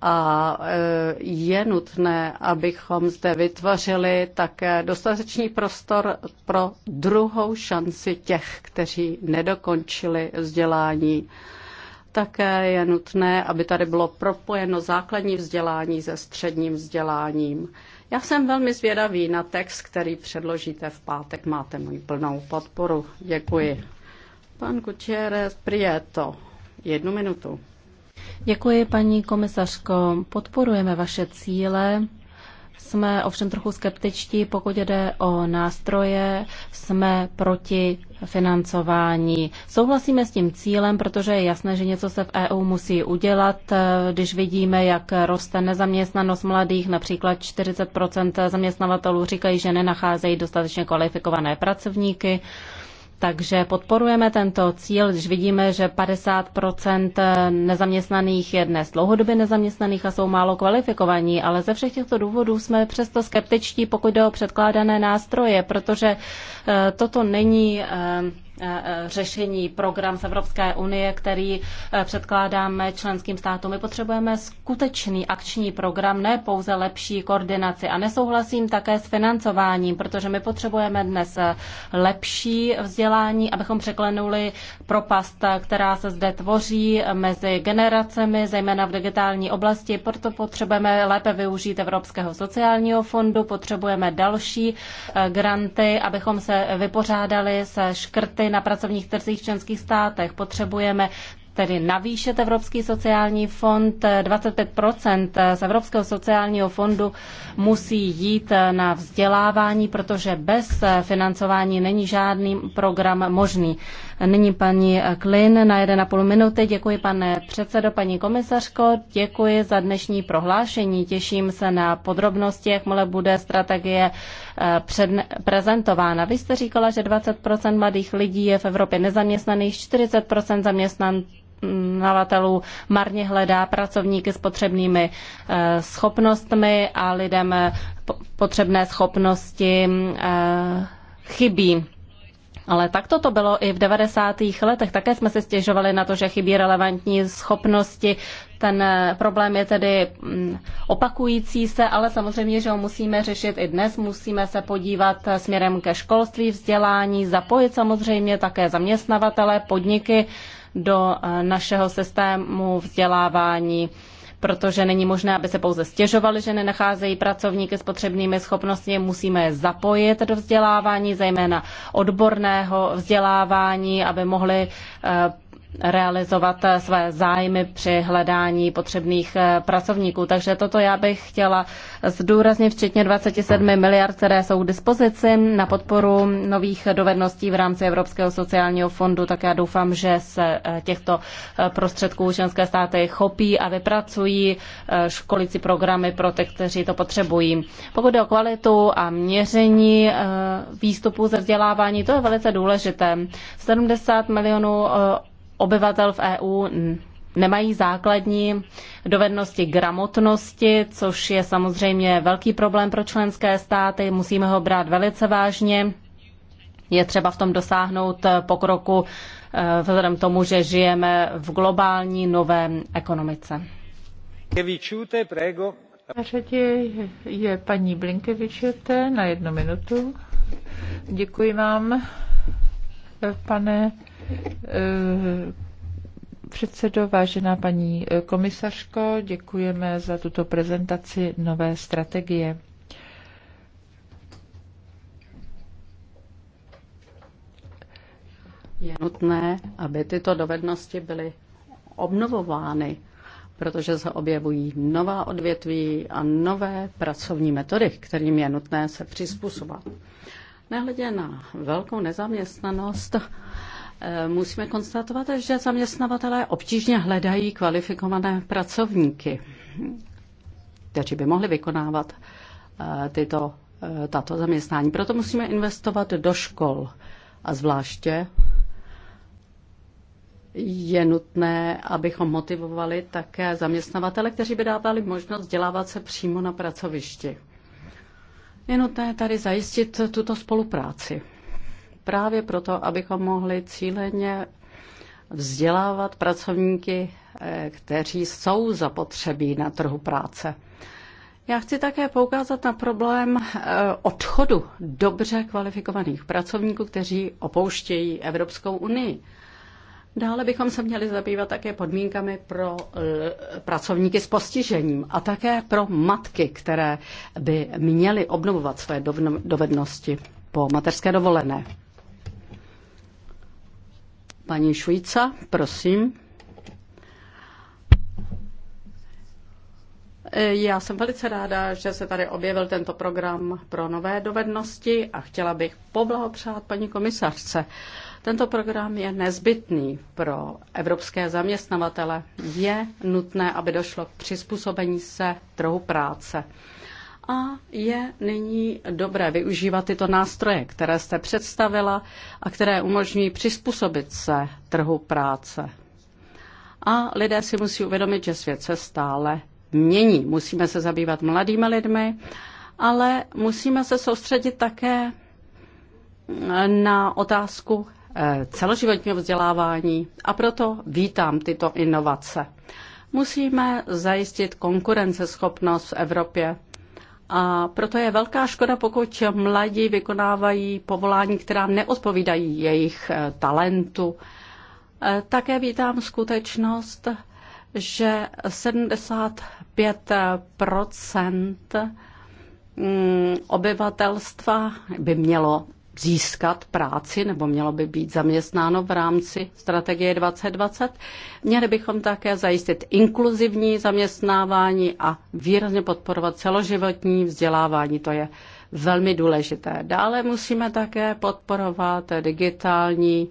Speaker 1: a eh, je nutné, abychom zde vytvořili také dostatečný prostor pro druhou šanci těch, kteří nedokončili vzdělání. Také je nutné, aby tady bylo propojeno základní vzdělání se středním vzděláním. Já jsem velmi zvědavý na text, který předložíte v pátek. Máte můj plnou podporu. Děkuji. Pan Gutierrez Prieto, jednu minutu.
Speaker 2: Děkuji, paní komisařko. Podporujeme vaše cíle jsme ovšem trochu skeptičtí, pokud jde o nástroje, jsme proti financování. Souhlasíme s tím cílem, protože je jasné, že něco se v EU musí udělat, když vidíme, jak roste nezaměstnanost mladých, například 40 zaměstnavatelů říkají, že nenacházejí dostatečně kvalifikované pracovníky. Takže podporujeme tento cíl, když vidíme, že 50 nezaměstnaných je dnes dlouhodobě nezaměstnaných a jsou málo kvalifikovaní, ale ze všech těchto důvodů jsme přesto skeptičtí, pokud jde o předkládané nástroje, protože eh, toto není eh, Eh, eh, řešení, program z Evropské unie, který eh, předkládáme členským státům. My potřebujeme skutečný akční program, ne pouze lepší koordinaci. A nesouhlasím také s financováním, protože my potřebujeme dnes lepší vzdělání, abychom překlenuli propast, která se zde tvoří mezi generacemi, zejména v digitální oblasti. Proto potřebujeme lépe využít Evropského sociálního fondu, potřebujeme další granty, abychom se vypořádali se škrty mzdy na pracovních trzích v členských státech. Potřebujeme tedy navýšit Evropský sociální fond. 25 z Evropského sociálního fondu musí jít na vzdělávání, protože bez financování není žádný program možný. Nyní paní Klin na 1,5 minuty. Děkuji, pane předsedo, paní komisařko, děkuji za dnešní prohlášení. Těším se na podrobnosti, jakmile bude strategie eh, před, prezentována. Vy jste říkala, že 20% mladých lidí je v Evropě nezaměstnaných, 40% zaměstnanců navatelů marně hledá pracovníky s potřebnými eh, schopnostmi a lidem eh, potřebné schopnosti chybí. Ale tak to bylo i v 90. letech. Také jsme se stěžovali na to, že chybí relevantní schopnosti. Ten eh, problém je tedy mm, opakující se, ale samozřejmě, že ho musíme řešit i dnes. Musíme se podívat eh, směrem ke školství, vzdělání, zapojit samozřejmě také zaměstnavatele, podniky do eh, našeho systému vzdělávání protože není možné, aby se pouze stěžovali, že nenacházejí pracovníky s potřebnými schopnostmi. Musíme je zapojit do vzdělávání, zejména odborného vzdělávání, aby mohli eh, realizovat eh, své zájmy při hledání potřebných eh, pracovníků. Takže toto já bych chtěla zdůraznit, včetně 27 miliard, které jsou k dispozici na podporu nových dovedností v rámci Evropského sociálního fondu, tak já doufám, že se eh, těchto prostředků ženské státy chopí a vypracují školící programy pro ty, kteří to potřebují. Pokud jde o kvalitu a měření výstupů ze vzdělávání, to je velice důležité. 70 milionů obyvatel v EU nemají základní dovednosti gramotnosti, což je samozřejmě velký problém pro členské státy. Musíme ho brát velice vážně. Je třeba v tom dosáhnout pokroku eh, vzhledem tomu, že žijeme v globální nové ekonomice.
Speaker 3: Na řadě je paní Blinkevičete na jednu minutu. Děkuji vám, pane Eh, předsedo, vážená paní eh, komisařko, děkujeme za tuto prezentaci nové strategie.
Speaker 1: Je nutné, aby tyto dovednosti byly obnovovány, protože se objevují nová odvětví a nové pracovní metody, kterým je nutné se přizpůsobit. Nehledě na velkou nezaměstnanost, Eh, musíme konstatovat, že zaměstnavatelé obtížně hledají kvalifikované pracovníky, kteří by mohli vykonávat eh, tyto, eh, tato zaměstnání. Proto musíme investovat do škol a zvláště je nutné, abychom motivovali také zaměstnavatele, kteří by dávali možnost dělávat se přímo na pracovišti. Je nutné tady zajistit tuto spolupráci právě proto, abychom mohli cíleně vzdělávat pracovníky, eh, kteří jsou zapotřebí na trhu práce. Já chci také poukázat na problém eh, odchodu dobře kvalifikovaných pracovníků, kteří opouštějí Evropskou unii. Dále bychom se měli zabývat také podmínkami pro eh, pracovníky s postižením a také pro matky, které by měly obnovovat své dovednosti po mateřské dovolené. Paní Švýca, prosím. Já jsem velice ráda, že se tady objevil tento program pro nové dovednosti a chtěla bych poblahopřát paní komisařce. Tento program je nezbytný pro evropské zaměstnavatele. Je nutné, aby došlo k přizpůsobení se trhu práce a je nyní dobré využívat tyto nástroje, které jste představila a které umožňují přizpůsobit se trhu práce. A lidé si musí uvědomit, že svět se stále mění. Musíme se zabývat mladými lidmi, ale musíme se soustředit také na otázku eh, celoživotního vzdělávání a proto vítám tyto inovace. Musíme zajistit konkurenceschopnost v Evropě a proto je velká škoda, pokud mladí vykonávají povolání, která neodpovídají jejich eh, talentu. Eh, také vítám skutečnost, že 75 mm, obyvatelstva by mělo získat práci nebo mělo by být zaměstnáno v rámci strategie 2020. Měli bychom také zajistit inkluzivní zaměstnávání a výrazně podporovat celoživotní vzdělávání. To je velmi důležité. Dále musíme také podporovat digitální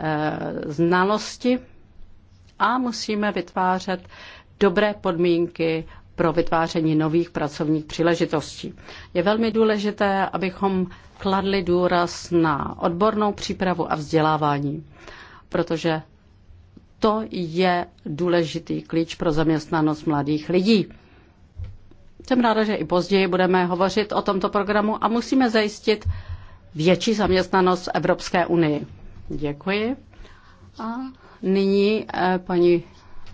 Speaker 1: eh, znalosti a musíme vytvářet dobré podmínky pro vytváření nových pracovních příležitostí. Je velmi důležité, abychom kladli důraz na odbornou přípravu a vzdělávání, protože to je důležitý klíč pro zaměstnanost mladých lidí. Jsem ráda, že i později budeme hovořit o tomto programu a musíme zajistit větší zaměstnanost v Evropské unii. Děkuji.
Speaker 5: A
Speaker 3: nyní eh, paní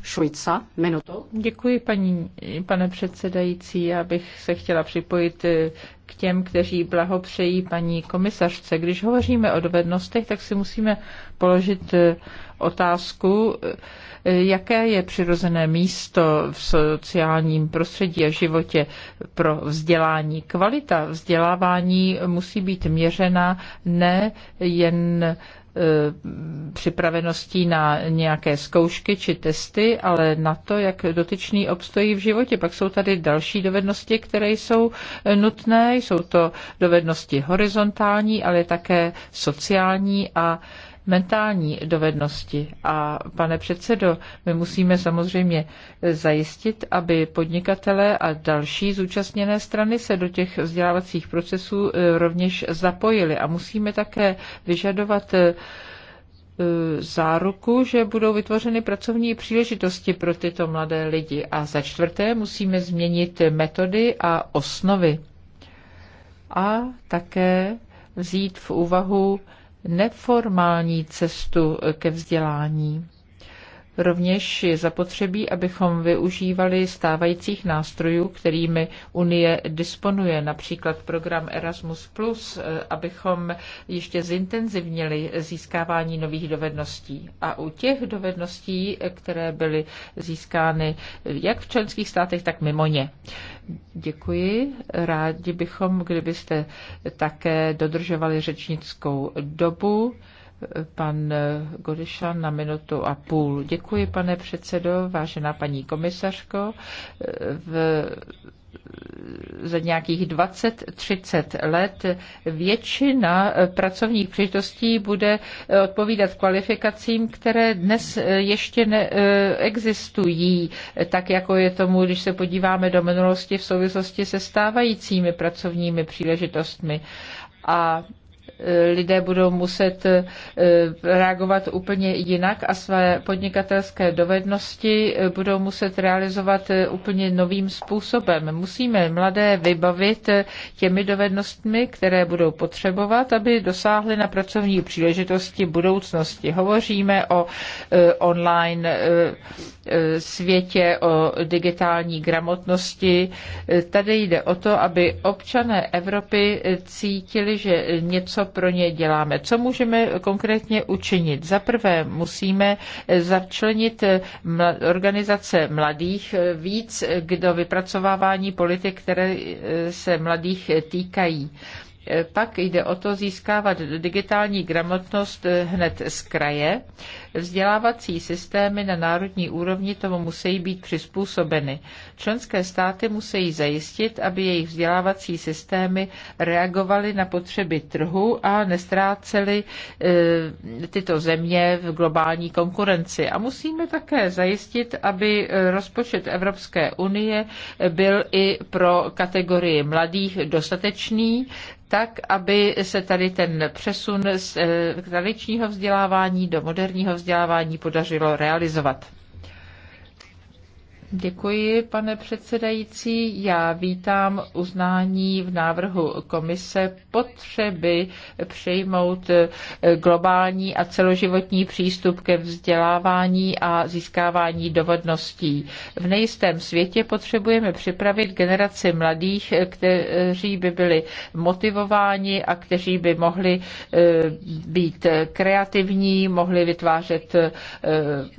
Speaker 3: Šujca. Minuto. Děkuji, paní, pane předsedající. Já bych se chtěla připojit eh, k těm, kteří blahopřejí paní komisařce. Když hovoříme o dovednostech, tak si musíme položit eh, otázku, eh, jaké je přirozené místo v sociálním prostředí a životě pro vzdělání. Kvalita vzdělávání musí být měřena ne jen Eh, připraveností na nějaké zkoušky či testy, ale na to, jak dotyčný obstojí v životě. Pak jsou tady další dovednosti, které jsou eh, nutné. Jsou to dovednosti horizontální, ale také sociální a mentální dovednosti. A pane předsedo, my musíme samozřejmě zajistit, aby podnikatele a další zúčastněné strany se do těch vzdělávacích procesů e, rovněž zapojili. A musíme také vyžadovat e, záruku, že budou vytvořeny pracovní příležitosti pro tyto mladé lidi. A za čtvrté musíme změnit metody a osnovy. A také vzít v úvahu neformální cestu ke vzdělání. Rovněž je zapotřebí, abychom využívali stávajících nástrojů, kterými Unie disponuje, například program Erasmus+, eh, abychom ještě zintenzivnili získávání nových dovedností. A u těch dovedností, eh, které byly získány jak v členských státech, tak mimo ně. Děkuji. Rádi bychom, kdybyste také dodržovali řečnickou dobu pan Gorišan na minutu a půl. Děkuji, pane předsedo, vážená paní komisařko. V za nějakých 20-30 let většina pracovních příležitostí bude odpovídat kvalifikacím, které dnes ještě neexistují, tak jako je tomu, když se podíváme do minulosti v souvislosti se stávajícími pracovními příležitostmi. A lidé budou muset eh, reagovat úplně jinak a své podnikatelské dovednosti eh, budou muset realizovat eh, úplně novým způsobem. Musíme mladé vybavit těmi dovednostmi, které budou potřebovat, aby dosáhly na pracovní příležitosti budoucnosti. Hovoříme o online světě, o digitální gramotnosti. Tady jde o to, aby občané Evropy cítili, že něco co pro ně děláme. Co můžeme konkrétně učinit? Za prvé musíme začlenit organizace mladých eh, víc do vypracovávání politik, které eh, se mladých eh, týkají Eh, pak jde o to získávat digitální gramotnost eh, hned z kraje. Vzdělávací systémy na národní úrovni tomu musí být přizpůsobeny. Členské státy musí zajistit, aby jejich vzdělávací systémy reagovaly na potřeby trhu a nestrácely eh, tyto země v globální konkurenci. A musíme také zajistit, aby rozpočet Evropské unie byl i pro kategorii mladých dostatečný, tak, aby se tady ten přesun z eh, tradičního vzdělávání do moderního vzdělávání podařilo realizovat. Děkuji, pane předsedající. Já vítám uznání v návrhu komise potřeby přejmout eh, globální a celoživotní přístup ke vzdělávání a získávání dovedností. V nejistém světě potřebujeme připravit generaci mladých, eh, kteří by byli motivováni a kteří by mohli eh, být kreativní, mohli vytvářet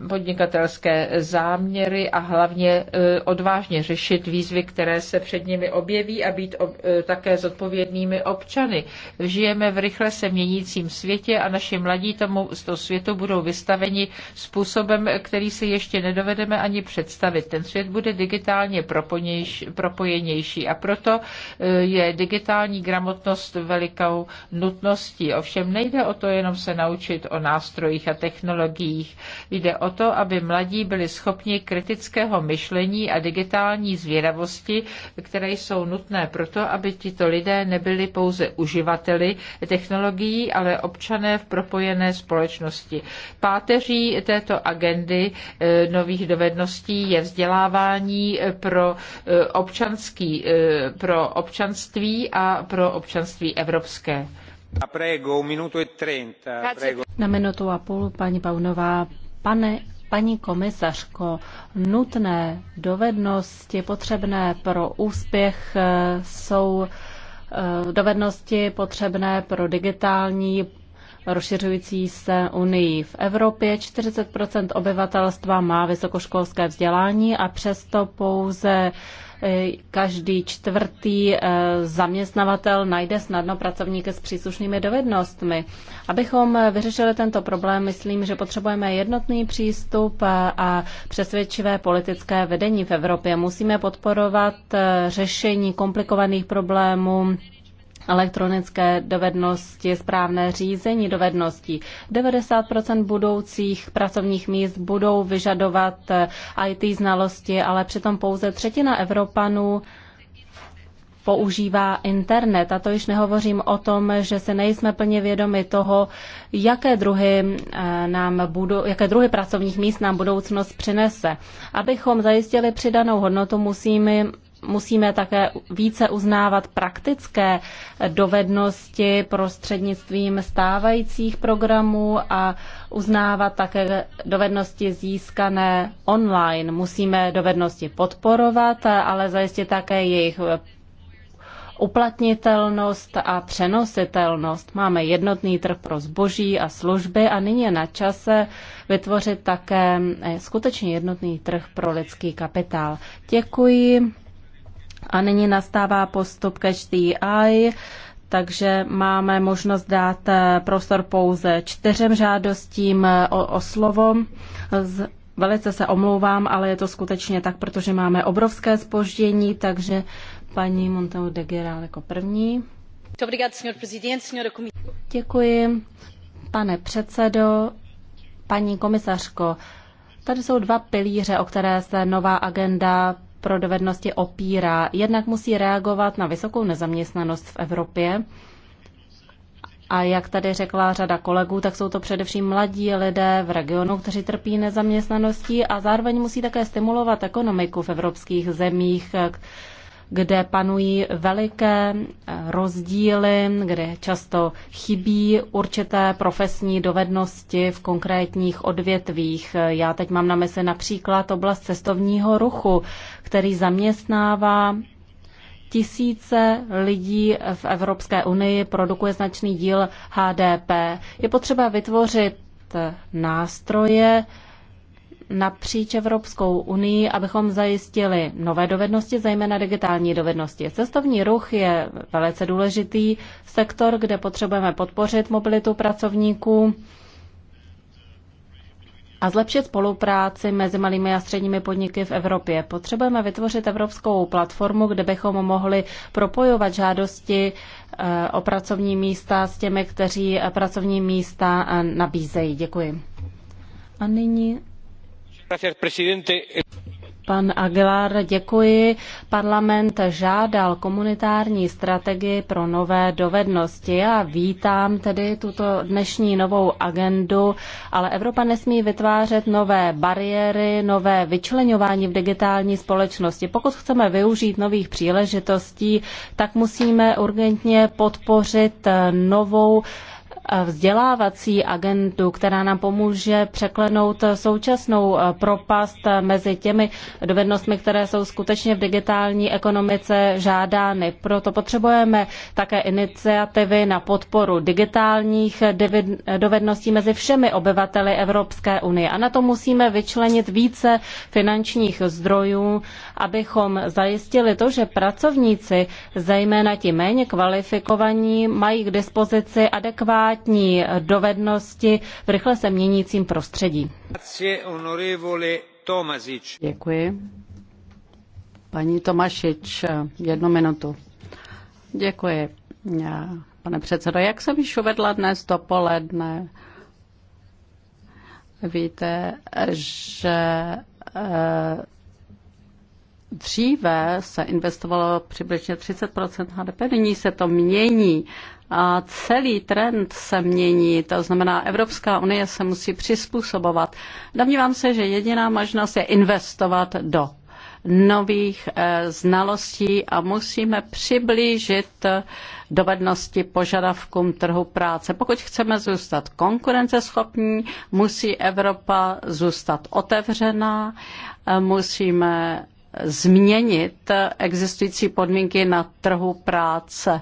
Speaker 3: podnikatelské záměry a hlavně rozhodně e, odvážně řešit výzvy, které se před nimi objeví a být e, také zodpovědnými občany. Žijeme v rychle se měnícím světě a naši mladí tomu z toho světu budou vystaveni způsobem, který si ještě nedovedeme ani představit. Ten svět bude digitálně propojenější a proto e, je digitální gramotnost velikou nutností. Ovšem nejde o to jenom se naučit o nástrojích a technologiích. Jde o to, aby mladí byli schopni kritického myšlení a digitální zvědavosti, které jsou nutné proto, aby tito lidé nebyli pouze uživateli technologií, ale občané v propojené společnosti. Páteří této agendy eh, nových dovedností je vzdělávání eh, pro, eh, občanský, pro občanství a pro občanství evropské. Prego, minutu 30, e Na minutu a půl, paní
Speaker 2: Paunová. Pane Paní komisařko, nutné dovednosti potřebné pro úspěch eh, jsou eh, dovednosti potřebné pro digitální rozšiřující se unii. V Evropě 40 obyvatelstva má vysokoškolské vzdělání a přesto pouze E, každý čtvrtý e, zaměstnavatel najde snadno pracovníky s příslušnými dovednostmi. Abychom vyřešili tento problém, myslím, že potřebujeme jednotný přístup a přesvědčivé politické vedení v Evropě. Musíme podporovat e, řešení komplikovaných problémů elektronické dovednosti, správné řízení dovedností. 90 budoucích pracovních míst budou vyžadovat eh, IT znalosti, ale přitom pouze třetina Evropanů používá internet. A to již nehovořím o tom, že se nejsme plně vědomi toho, jaké druhy, eh, nám budou, jaké druhy pracovních míst nám budoucnost přinese. Abychom zajistili přidanou hodnotu, musíme musíme také více uznávat praktické dovednosti prostřednictvím stávajících programů a uznávat také dovednosti získané online. Musíme dovednosti podporovat, ale zajistit také jejich uplatnitelnost a přenositelnost. Máme jednotný trh pro zboží a služby a nyní je na čase vytvořit také skutečně jednotný trh pro lidský kapitál. Děkuji. A nyní nastává postup ke HDI, takže máme možnost dát eh, prostor pouze čtyřem žádostím eh, o, o slovo. Z, velice se omlouvám, ale je to skutečně tak, protože máme obrovské spoždění, takže paní Monteu de Geral jako první. Děkuji, pane předsedo, paní komisařko. Tady jsou dva pilíře, o které se nová agenda pro dovednosti opírá. Jednak musí reagovat na vysokou nezaměstnanost v Evropě. A jak tady řekla řada kolegů, tak jsou to především mladí lidé v regionu, kteří trpí nezaměstnaností a zároveň musí také stimulovat ekonomiku v evropských zemích, kde panují veliké eh, rozdíly, kde často chybí určité profesní dovednosti v konkrétních odvětvích. Já teď mám na mysli například oblast cestovního ruchu, který zaměstnává tisíce lidí v Evropské unii, produkuje značný díl HDP. Je potřeba vytvořit nástroje, napříč Evropskou unii, abychom zajistili nové dovednosti, zejména digitální dovednosti. Cestovní ruch je velice důležitý sektor, kde potřebujeme podpořit mobilitu pracovníků a zlepšit spolupráci mezi malými a středními podniky v Evropě. Potřebujeme vytvořit evropskou platformu, kde bychom mohli propojovat žádosti eh, o pracovní místa s těmi, kteří pracovní místa eh, nabízejí. Děkuji. A nyní Pan Aguilar, děkuji. Parlament žádal komunitární strategii pro nové dovednosti. Já vítám tedy tuto dnešní novou agendu, ale Evropa nesmí vytvářet nové bariéry, nové vyčleňování v digitální společnosti. Pokud chceme využít nových příležitostí, tak musíme urgentně podpořit novou Eh, vzdělávací agendu, která nám pomůže překlenout současnou eh, propast mezi těmi dovednostmi, které jsou skutečně v digitální ekonomice žádány. Proto potřebujeme také iniciativy na podporu digitálních eh, dovedností mezi všemi obyvateli Evropské unie. A na to musíme vyčlenit více finančních zdrojů abychom zajistili to, že pracovníci, zejména ti méně kvalifikovaní, mají k dispozici adekvátní dovednosti v rychle se měnícím prostředí.
Speaker 3: Děkuji.
Speaker 1: Paní Tomašič, jednu minutu. Děkuji. Eh, pane předsedo, jak jsem již uvedla dnes dopoledne, víte, že eh, Dříve se investovalo přibližně 30 HDP, nyní se to mění a celý trend se mění, to znamená Evropská unie se musí přizpůsobovat. Domnívám se, že jediná možnost je investovat do nových eh, znalostí a musíme přiblížit eh, dovednosti požadavkům trhu práce. Pokud chceme zůstat konkurenceschopní, musí Evropa zůstat otevřená, eh, musíme změnit existující podmínky na trhu práce.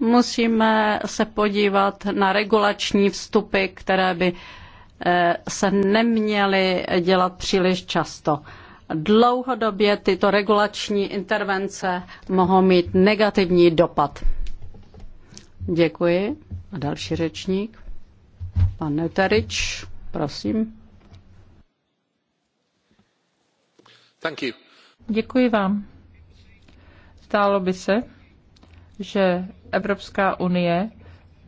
Speaker 1: Musíme se podívat na regulační vstupy, které by eh, se neměly dělat příliš často. Dlouhodobě tyto regulační intervence mohou mít negativní dopad. Děkuji. A další řečník. Pan Neuterič, prosím.
Speaker 4: Thank you.
Speaker 3: Děkuji vám. Stálo by se, že Evropská unie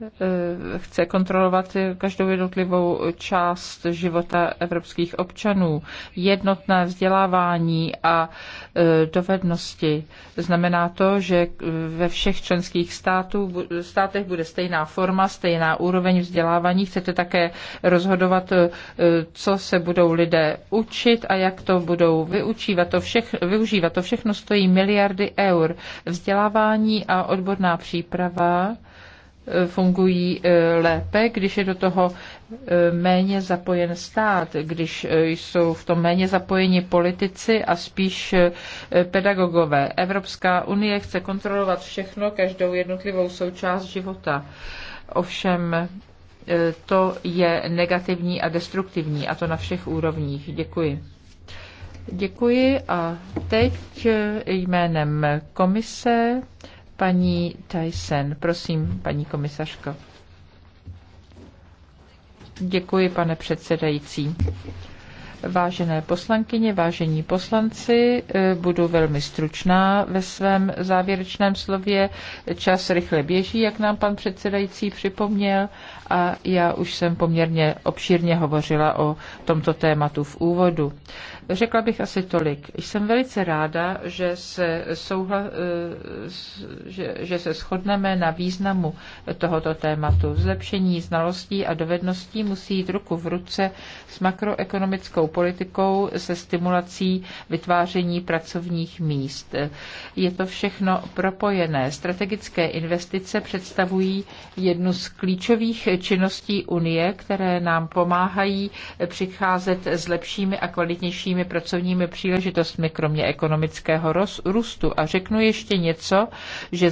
Speaker 3: Eh, chce kontrolovat každou jednotlivou část života evropských občanů. Jednotné vzdělávání a eh, dovednosti. Znamená to, že ve všech členských států, státech bude stejná forma, stejná úroveň vzdělávání. Chcete také rozhodovat, eh, co se budou lidé učit a jak to budou vyučívat. To všech, využívat. To všechno stojí miliardy eur. Vzdělávání a odborná příprava fungují eh, lépe, když je do toho eh, méně zapojen stát, když eh, jsou v tom méně zapojeni politici a spíš pedagogové. Evropská unie chce kontrolovat všechno, každou jednotlivou součást života. Ovšem to je negativní a destruktivní a to na všech úrovních. Děkuji. Děkuji a teď jménem komise paní Tyson. Prosím, paní komisařko. Děkuji, pane předsedající. Vážené poslankyně, vážení poslanci, eh, budu velmi stručná ve svém závěrečném slově. Čas rychle běží, jak nám pan předsedající připomněl a já už jsem poměrně obšírně hovořila o tomto tématu v úvodu. Řekla bych asi tolik. Jsem velice ráda, že se, souhla, eh, že, že se shodneme na významu tohoto tématu. Zlepšení znalostí a dovedností musí jít ruku v ruce s makroekonomickou politikou, se stimulací vytváření pracovních míst. Je to všechno propojené. Strategické investice představují jednu z klíčových činností Unie, které nám pomáhají přicházet s lepšími a kvalitnějšími dalšími pracovními příležitostmi, kromě ekonomického růstu. A řeknu ještě něco, že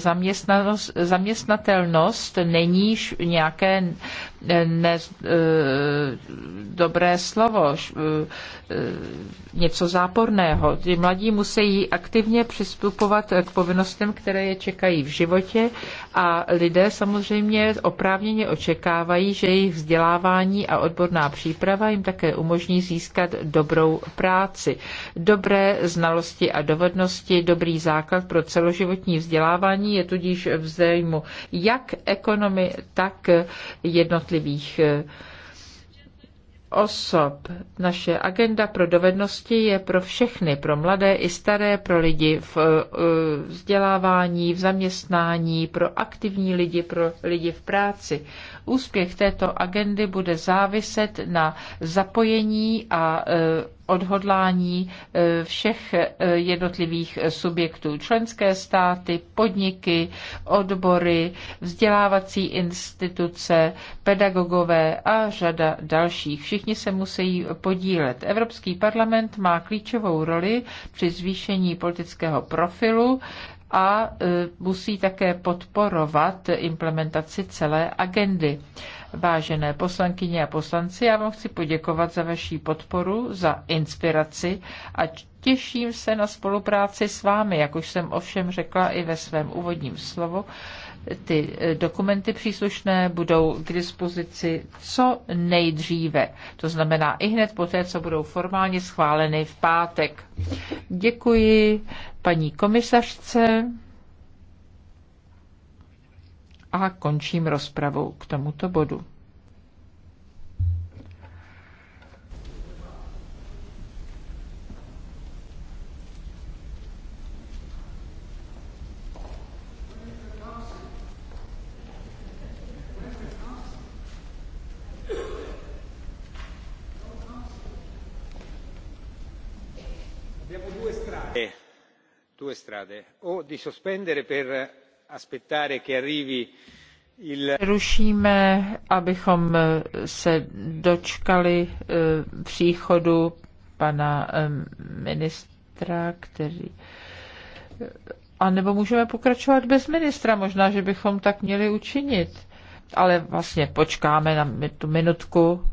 Speaker 3: zaměstnatelnost není nějaké ne, eh, dobré slovo, eh, eh, něco záporného. Ti mladí musí aktivně přistupovat k povinnostem, které je čekají v životě a lidé samozřejmě oprávněně očekávají, že jejich vzdělávání a odborná příprava jim také umožní získat dobrou práci. Dobré znalosti a dovednosti, dobrý základ pro celoživotní vzdělávání je tudíž v zájmu jak ekonomy, tak jednotlivých jednotlivých eh, osob. Naše agenda pro dovednosti je pro všechny, pro mladé i staré, pro lidi v eh, vzdělávání, v zaměstnání, pro aktivní lidi, pro lidi v práci. Úspěch této agendy bude záviset na zapojení a e, odhodlání e, všech e, jednotlivých subjektů. Členské státy, podniky, odbory, vzdělávací instituce, pedagogové a řada dalších. Všichni se musí podílet. Evropský parlament má klíčovou roli při zvýšení politického profilu a e, musí také podporovat implementaci celé agendy. Vážené poslankyně a poslanci, já vám chci poděkovat za vaši podporu, za inspiraci a těším se na spolupráci s vámi, jak už jsem ovšem řekla i ve svém úvodním slovu. Ty eh, dokumenty příslušné budou k dispozici co nejdříve, to znamená i hned poté, co budou formálně schváleny v pátek. Děkuji paní komisařce a končím rozpravu k tomuto bodu. due strade o di sospendere per aspettare che arrivi Rušíme, abychom se dočkali eh, příchodu pana eh, ministra, který. Eh, a nebo můžeme pokračovat bez ministra, možná, že bychom tak měli učinit. Ale vlastně počkáme na tu minutku,